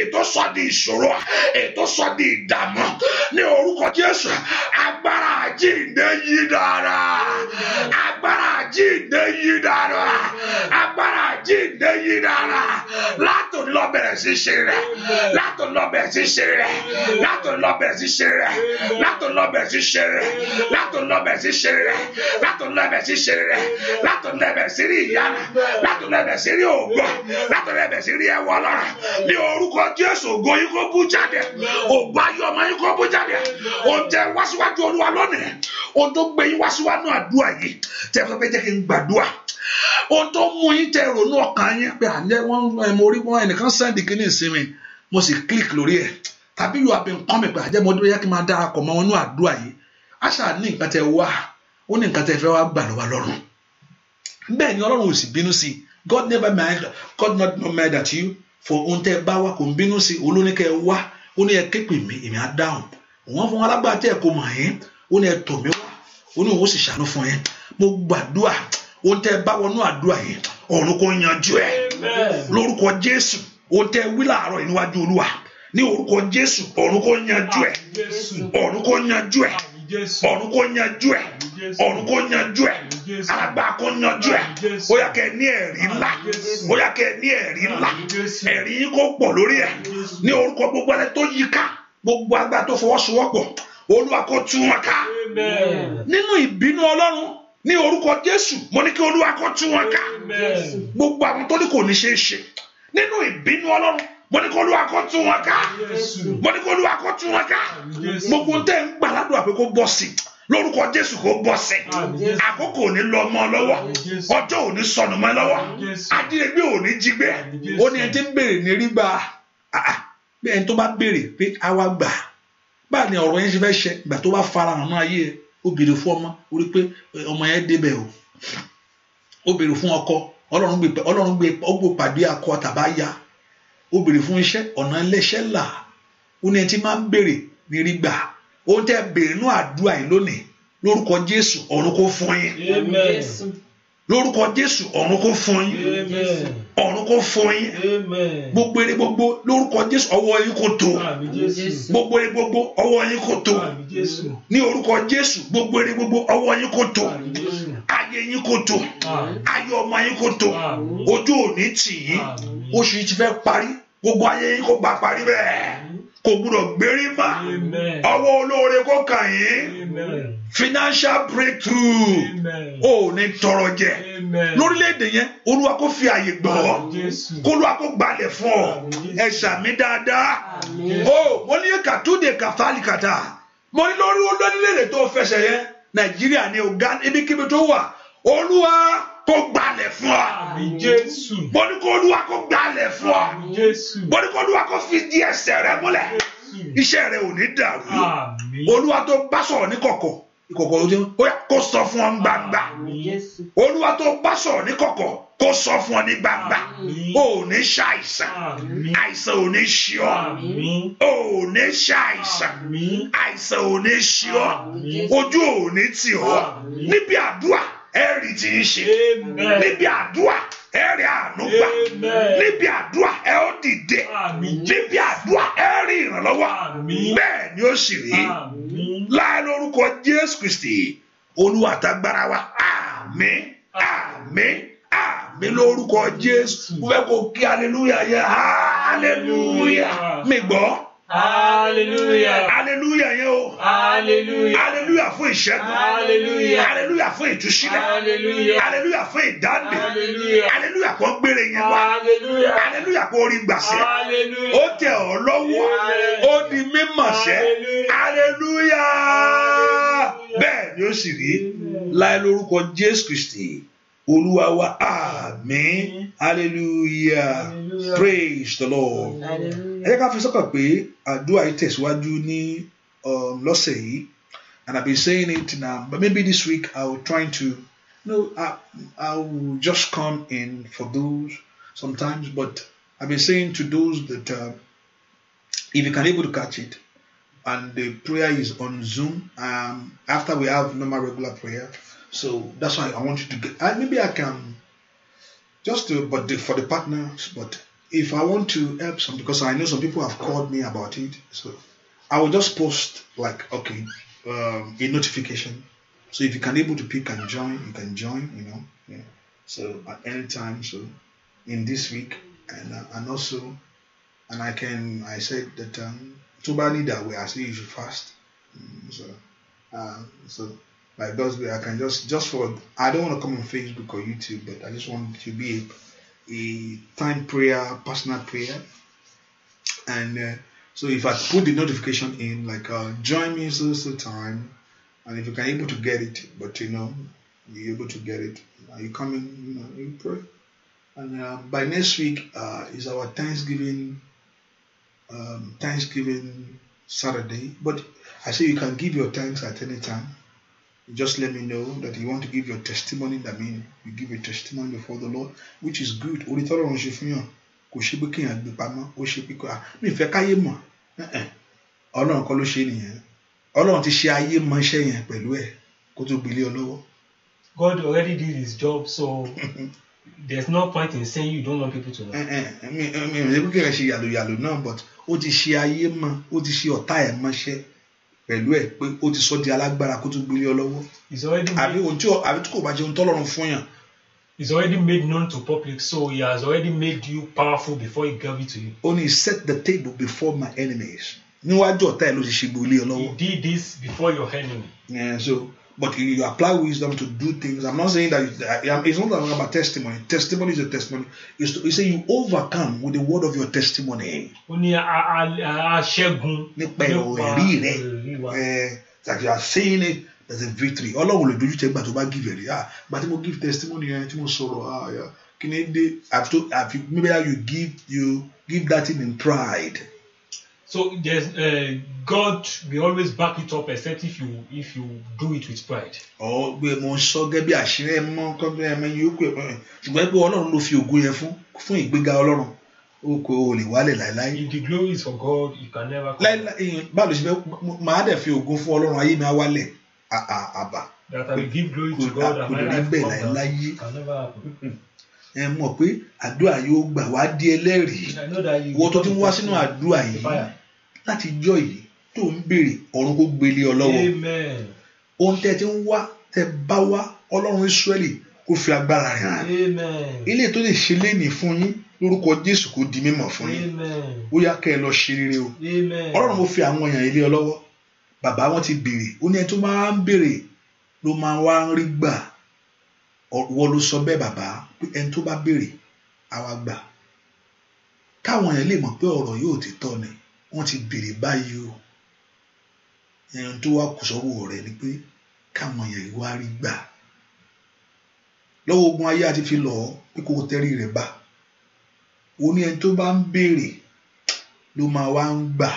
ètò sọ di ìṣòro ètò sọ di ìdààmú ní orúkọ Jésù agbára àjíǹde yí dára agbára àjíǹde yí dára agbára àjíǹde yìí rárá látò lọ bẹ̀rẹ̀ sí ṣe rẹ̀ látò lọ bẹ̀rẹ̀ sí ṣe rẹ̀ látò lọ bẹ̀rẹ̀ sí ṣe rẹ̀ látò lọ bẹ̀rẹ̀ sí ṣe rẹ̀ látò lọ bẹ̀rẹ̀ sí ṣe rẹ̀ látò lọ bẹ̀rẹ̀ sí ṣe rẹ̀ látò lọ bẹ̀rẹ̀ sí rí ìyára látò lọ bẹ̀rẹ̀ sí rí ògbọ́ látò lọ bẹ̀rẹ̀ sí rí ẹwọ ọlọ́run ní orúkọ Jésù ògo yín kó bú jáde ògbó ayé ọmọ yín kó bú jáde oúnjẹ wá síwájú Olúwa lónìí ohun tó gbé yín wá síwájú àdúrà yìí tẹ́ fẹ́ fẹ́ jẹ́ kí n gbàdúrà ohun tó mú yín tẹ ronú ọkàn yín pé àlẹ́ wọ́n mo rí wọn ẹnìkan sẹ́ndì kí ní ìsinmi mo sì click lórí ẹ̀ tàbí yóò abẹ nǹkan mi pé àjẹ́ mo dúró yẹ kí n máa darapọ̀ mọ́ wọn ní àdúrà yìí àṣà ní nǹkan tẹ wá ó ní nǹkan tẹ fẹ́ wá gbà lọ́wọ́ lọ́rùn bẹ́ẹ̀ ni ọlọ́run ò sì bínú sí God never mind God not know mind at you for ohun tẹ bá wa kò ń bínú sí olóníkẹ́ wá ó ní ẹ képe mi èmi á dáhùn wọn fún wọn alágbàtí ẹ kò mọ̀ yín ó ní ẹ tọ̀ mí wá ó ní òun ó sì ṣàánú fún yín mo gbàdúrà ohun tẹ́ bá wọnú àdúrà yẹn ọ̀run kò yanjú ẹ̀ lórúkọ jésù ohun tẹ́ wí láàárọ̀ yìí níwájú olúwa ní orúkọ jésù ọ̀run kò yanjú ẹ̀ ọ̀run kò yanjú ẹ̀ ọ̀run kò yanjú ẹ̀ ọ̀run kò yanjú ẹ̀ àgbà kò yanjú ẹ̀ ó yá kẹ́ ní ẹ̀rí ńlá ó yá kẹ́ ní ẹ̀rí ńlá ẹ̀rí yín kò pọ̀ lórí ẹ̀ ní orúkọ gbogbo ẹ̀ tó yí ká gbogbo àgbà tó fọwọ́sowọ́pọ̀ olúwa kò tú wọn ká nínú ìbínú ọlọ́run ní orúkọ Jésù mo ní kí Olúwa kó tú wọn ká gbogbo àwọn tó ní kò ní ṣe é ṣe nínú ìbínú Ọlọ́run mo ní kí Olúwa kó tú wọn ká mo ní kí Olúwa kó tú wọn ká gbogbo tẹ́ ń gbà ládùúgbò àpé kó bọ́ sí i lórúkọ jésù kò bọ́ sí àkókò ò ní lọ mọ́ lọ́wọ́ ọjọ́ ò ní sọnù mọ́ lọ́wọ́ adírẹ́gbẹ́ ò ní jí gbé ó ní ẹni ń béèrè ní rí ẹni tó bá béèrè pé àwa gbà báà ni ọ̀rọ̀ yẹn ṣe fẹ́ ṣe gbà tó bá farahàn náà yé e ó béèrè fún ọmọ ó rí pé ọmọ yẹn débẹ̀ o ó béèrè fún ọkọ ọlọ́run gbé ọlọ́run gbé ọgbó pàdé akọ tàbá ya ó béèrè fún iṣẹ́ ọ̀nà iléeṣẹ́ là ó ní ẹni tí máa ń béèrè ní rí gbà ó tẹ́ béèrè nú àdúrà yìí lónìí lórúkọ Jésù ọ̀run kò fún yín lórúkọ jésù ọ̀run kò fún yín ọ̀run kò fún yín gbogbo eré gbogbo lórúkọ jésù ọwọ́ yín kò tó gbogbo eré gbogbo ọwọ́ yín kò tó ní orúkọ jésù gbogbo eré gbogbo ọwọ́ yín kò tó ayé yín kò tó ayé ọmọ yín kò tó ojú òní tì yín oṣù yìí ti fẹ́ parí gbogbo ayé yín kò gbà parí bẹ́ẹ̀ kò gbúdọ̀ gbérí mọ́ ọwọ́ olóore kò kàn yín financial breakthrough ò ní tọrọ jẹ lórílẹ̀‐èdè yẹn olúwa kò fi àyè gbọ́ kó olúwa kò gbalẹ̀ fún ọ ẹ ṣàmì dáadáa ó mo ní kàtúndé kàfáàlì kàtà mo ní lórí olórílẹ̀‐èdè tó fẹsẹ̀ yẹn nàìjíríà ní Uganda ibikíbi tó wà olúwa kó gbalẹ̀ fún ọ mo ní kó olúwa kó gbalẹ̀ fún ọ mo ní kó olúwa fi di ẹsẹ̀ rẹ múlẹ̀ iṣẹ́ rẹ ò ní dàrú olúwa tó bá sọ̀rọ̀ ní kọ̀kọ̀ ìkọ̀kọ̀ ló ti ń bóyá kó sọ fún ọ ní gbangba olúwa tó bá sọ̀rọ̀ ní kọ̀kọ̀ kó sọ fún ọ ní gbangba o ò ní ṣàìsàn àìsàn ò ní ọ o ò ní ṣàìsàn àìsàn ò ní ṣe ọ ojú ò tì ọ níbi àdúrà ẹ̀rì tí ń ṣe níbi àdúrà ẹ rí àánú gbà níbi àdúrà ẹ ó dìde níbi àdúrà ẹ rí ìrànlọ́wọ́ bẹ́ẹ̀ ni ó sì rí láì lórúkọ Jésù Kristi Olúwa tágbára wa àmín àmín àmín lórúkọ Jésù mo fẹ́ kó kí hallelujah yẹ hallelujah mi gbọ́ hallelujah hallelujah yẹn o hallelujah hallelujah fún ìṣẹ́gun hallelujah hallelujah fún ìtúsílẹ̀ hallelujah hallelujah fún ìdáǹdè hallelujah hallelujah kò gbére yẹn wá hallelujah hallelujah kò rí gbàṣẹ hallelujah ó tẹ ọ lọ́wọ́ ó di mímọ̀ṣẹ́ hallelujah bẹ́ẹ̀ ni ó sì rí láì lórúkọ Jésù Kristi olúwa wa àmín hallelujah. hallelujah. Praise the Lord. I ẹ jẹ́ ká fi sọ́kàn pé àdúrà yìí tẹ̀síwájú ní um, lọ́sẹ̀ yìí and I've been saying it now but maybe this week I will try to you know I, I will just come in for those sometimes but I've been saying to those that uh, if you can able to catch it and the prayer is on Zoom um, after we have normal regular prayer so that's why I want you to get and maybe I can just to, but the, for the partners, but if I want to help some, because I know some people have called me about it, so I will just post like okay, um, a notification. So if you can able to pick and join, you can join. You know, yeah. So at any time, so in this week, and uh, and also, and I can I said that um, too bad that way I you should fast. Mm, so, uh, so by God's way, I can just just for I don't want to come on Facebook or YouTube, but I just want to be a time prayer, personal prayer. And uh, so if I put the notification in, like uh, join me so so time, and if you can able to get it, but you know, you're able to get it, you come in, you know, you pray. And uh, by next week uh, is our Thanksgiving, um, Thanksgiving Saturday. But I say you can give your thanks at any time. just let me know that you want to give your testimony that means you give a testimony before the Lord which is good orí tọ́lọ̀ ń ṣe fún yàn kò ṣe pé kéèyàn gbé pamọ́ ó ṣe pé kó ah, mi fẹ́ ló ṣe nìyẹn ọlọ́run ti ṣe ayé mọ iṣẹ́ yẹn pẹ̀lú ẹ̀ kó tó gbélé ọ lọ́wọ́. God already did his job so there's no point in saying you don't want people to know. mi ò ní pé kéèyàn ṣe yàlòyàlò náà but ó ti ṣe ayé mọ ó ti ṣe ọ̀tá ẹ̀ mọ́ṣẹ́ pẹ̀lú ẹ̀ pé ó ti sọ di alágbára kó tún gbélé ọ lọ́wọ́ àbí ohun àbí tí kò bá jẹun tọ́lọ́run fún yàn. He's already made known to public so he has already made you powerful before he gave it to you. Only set the table before my enemies. Níwájú ọ̀tá ẹ̀ ló ti ṣe gbélé ọ lọ́wọ́. He did this before your enemy. Yeah, so but you, apply wisdom to do things. I'm not saying that it, it's not about testimony. Testimony is a testimony. It's to, it's say you overcome with the word of your testimony. Ó ní a a a ṣẹ́gun nípa ẹ̀rí rẹ̀ ẹ eh, that you are saying it as a victory ọlọ́run lè dojú tẹ gbà tó bá give ẹ̀rí ah gbà tí mo give testimony yẹn tí mo sọ̀rọ̀ ah kí ni dé àfi àfi maybe how you give you give that thing in pride. so there's uh, God will always back it up except if you if you do it with pride. ọ gbé mo sọ gẹ́gẹ́ bí àṣírí ẹ mọ́ kọ́ńtà ẹ mọ́ yìí ó kú ẹ mọ́ ṣùgbọ́n pé ọlọ́run ló fi ògo yẹn fún fún ìgbéga ọlọ́run o kò o láéláé. if the glory is for God you can never. láéláé eh, báwo ló ṣe fẹ́ màá dẹ̀ fi ògo fún ọlọ́run ayé mi á wálẹ̀ àbá. that I will give glory to God and my life come down can never happen ẹ mọ̀ pé àdúrà yóò gbà wá di ẹlẹ́rìí wọ́n tó ti ń wá sínú àdúrà yìí láti jọ yìí tó ń béèrè ọ̀run kó gbélé ọ lọ́wọ́ ohun tẹ́ ti ń wá tẹ́ bá wá ọlọ́run Ísírẹ́lì kó fi agbára rẹ̀ hàn ilé tó lè ṣe léènì fún yín lórúkọ jésù kò di mímọ̀ fún yín ó yá kẹ́ ẹ lọ ṣe rere o ọlọ́run mo fi àwọn èèyàn ilé ọ lọ́wọ́ bàbá wọn ti béèrè ó ní ẹni tó máa ń béèrè ló máa wá ń rí gbà ọwọ́ ló sọ bẹ́ẹ̀ bàbá pé ẹni tó bá béèrè àwa gbà káwọn èèyàn lè mọ̀ pé ọ̀rọ̀ yóò ti tọ́ ni wọ́n ti béèrè báyìí o ẹni tó wá kù sọ́wọ́ rẹ̀ ni pé káwọn èèyàn wá rí gbà lọ́wọ́ ogun ayé àti fi lọ́ọ́ pé kó o tẹ́rí bá ó ní ẹni tó bá ń béèrè ló máa wá ń gbà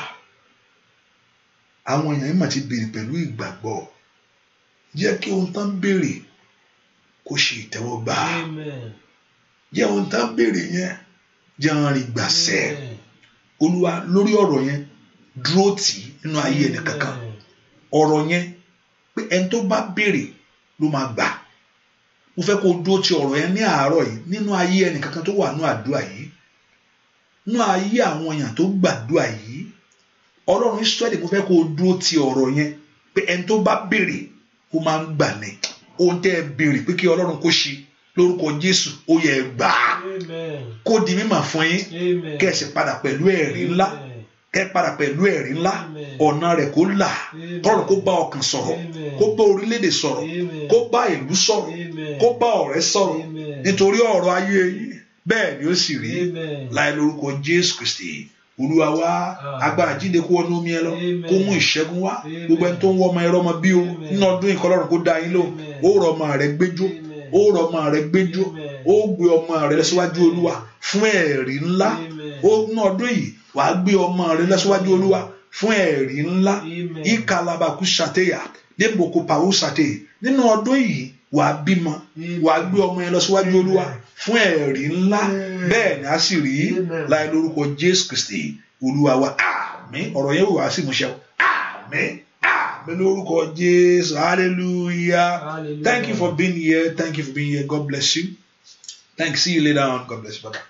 àwọn èèyàn yìí mà ti béèrè pẹ̀lú ìgbàgbọ́ jẹ́ kí ohun tán béèrè kó ṣe ìtẹ́wọ́gbà jẹ́ ohun tán béèrè yẹn jẹ́ hàn rí gbàsẹ́ olúwa lórí ọ̀rọ̀ yẹn dúró tì í nínú ayé ẹnì kankan ọ̀rọ̀ yẹn pé ẹni tó bá béèrè ló máa gbà mo fẹ́ kó o dúró ti ọ̀rọ̀ yẹn ní àárọ̀ yìí nínú ayé ẹnì kankan tó wà nínú àdúrà yìí nú ayé àwọn èèyàn tó gbàdúrà yìí ọlọ́run Ísírẹ́lì mo fẹ́ kó o dúró ti ọ̀rọ̀ yẹn pé ẹni tó bá béèrè ó máa ń gbà ní ohun tẹ́ ẹ béèrè pé kí ọlọ́run kó ṣe lórúkọ Jésù ó yẹ gbà á kó di mímọ̀ fún yín kẹ́ ẹ sì padà pẹ̀lú ẹ̀rí ńlá kẹ́ padà pẹ̀lú ẹ̀rí ńlá ọ̀nà rẹ̀ kó là tọ́lọ̀ kó bá ọkàn sọ̀rọ̀ kó bá orílẹ̀-èdè sọ̀rọ̀ kó bá ìlú sọ̀rọ̀ kó bá ọ̀rẹ́ sọ̀rọ̀ nítorí ọ̀rọ̀ ayé yìí bẹ́ẹ̀ ni ó sì rí láì lórúkọ Jésù Kristi olúwa wá ah. agbára jíde kó wọnú omi ẹ lọ kó mú ìṣẹ́gun wá gbogbo ẹni tó ń wọ ọmọ ẹrọ ọmọ bí o nínú ọdún ìkọlọ́run kó dá yín lò ó rọ ọmọ rẹ gbẹjọ ó rọ ọmọ rẹ gbẹjọ ó gbé ọmọ rẹ lọ́síwájú olúwa fún ẹ̀rí ńlá ó nínú ọdún yìí wàá gbé ọmọ rẹ lọ́síwájú olúwa fún ẹ̀rí ńlá ìkàlàbàkú ṣàtẹ̀yà débòkú pàwọ́ ṣàtẹ̀yà nínú ọdún yìí wà á bímọ wà á gbé ọmọ yẹn lọ síwájú olúwa fún ẹ̀rí ńlá bẹ́ẹ̀ ni a sì rí láì lórúkọ jésù kristi olúwa wa àmín ọ̀rọ̀ yẹn wà á sì múṣẹ àmín àmín lórúkọ jésù hallelujah thank you for being here thank you for being here god bless you thank you see you later on god bless you bye bye.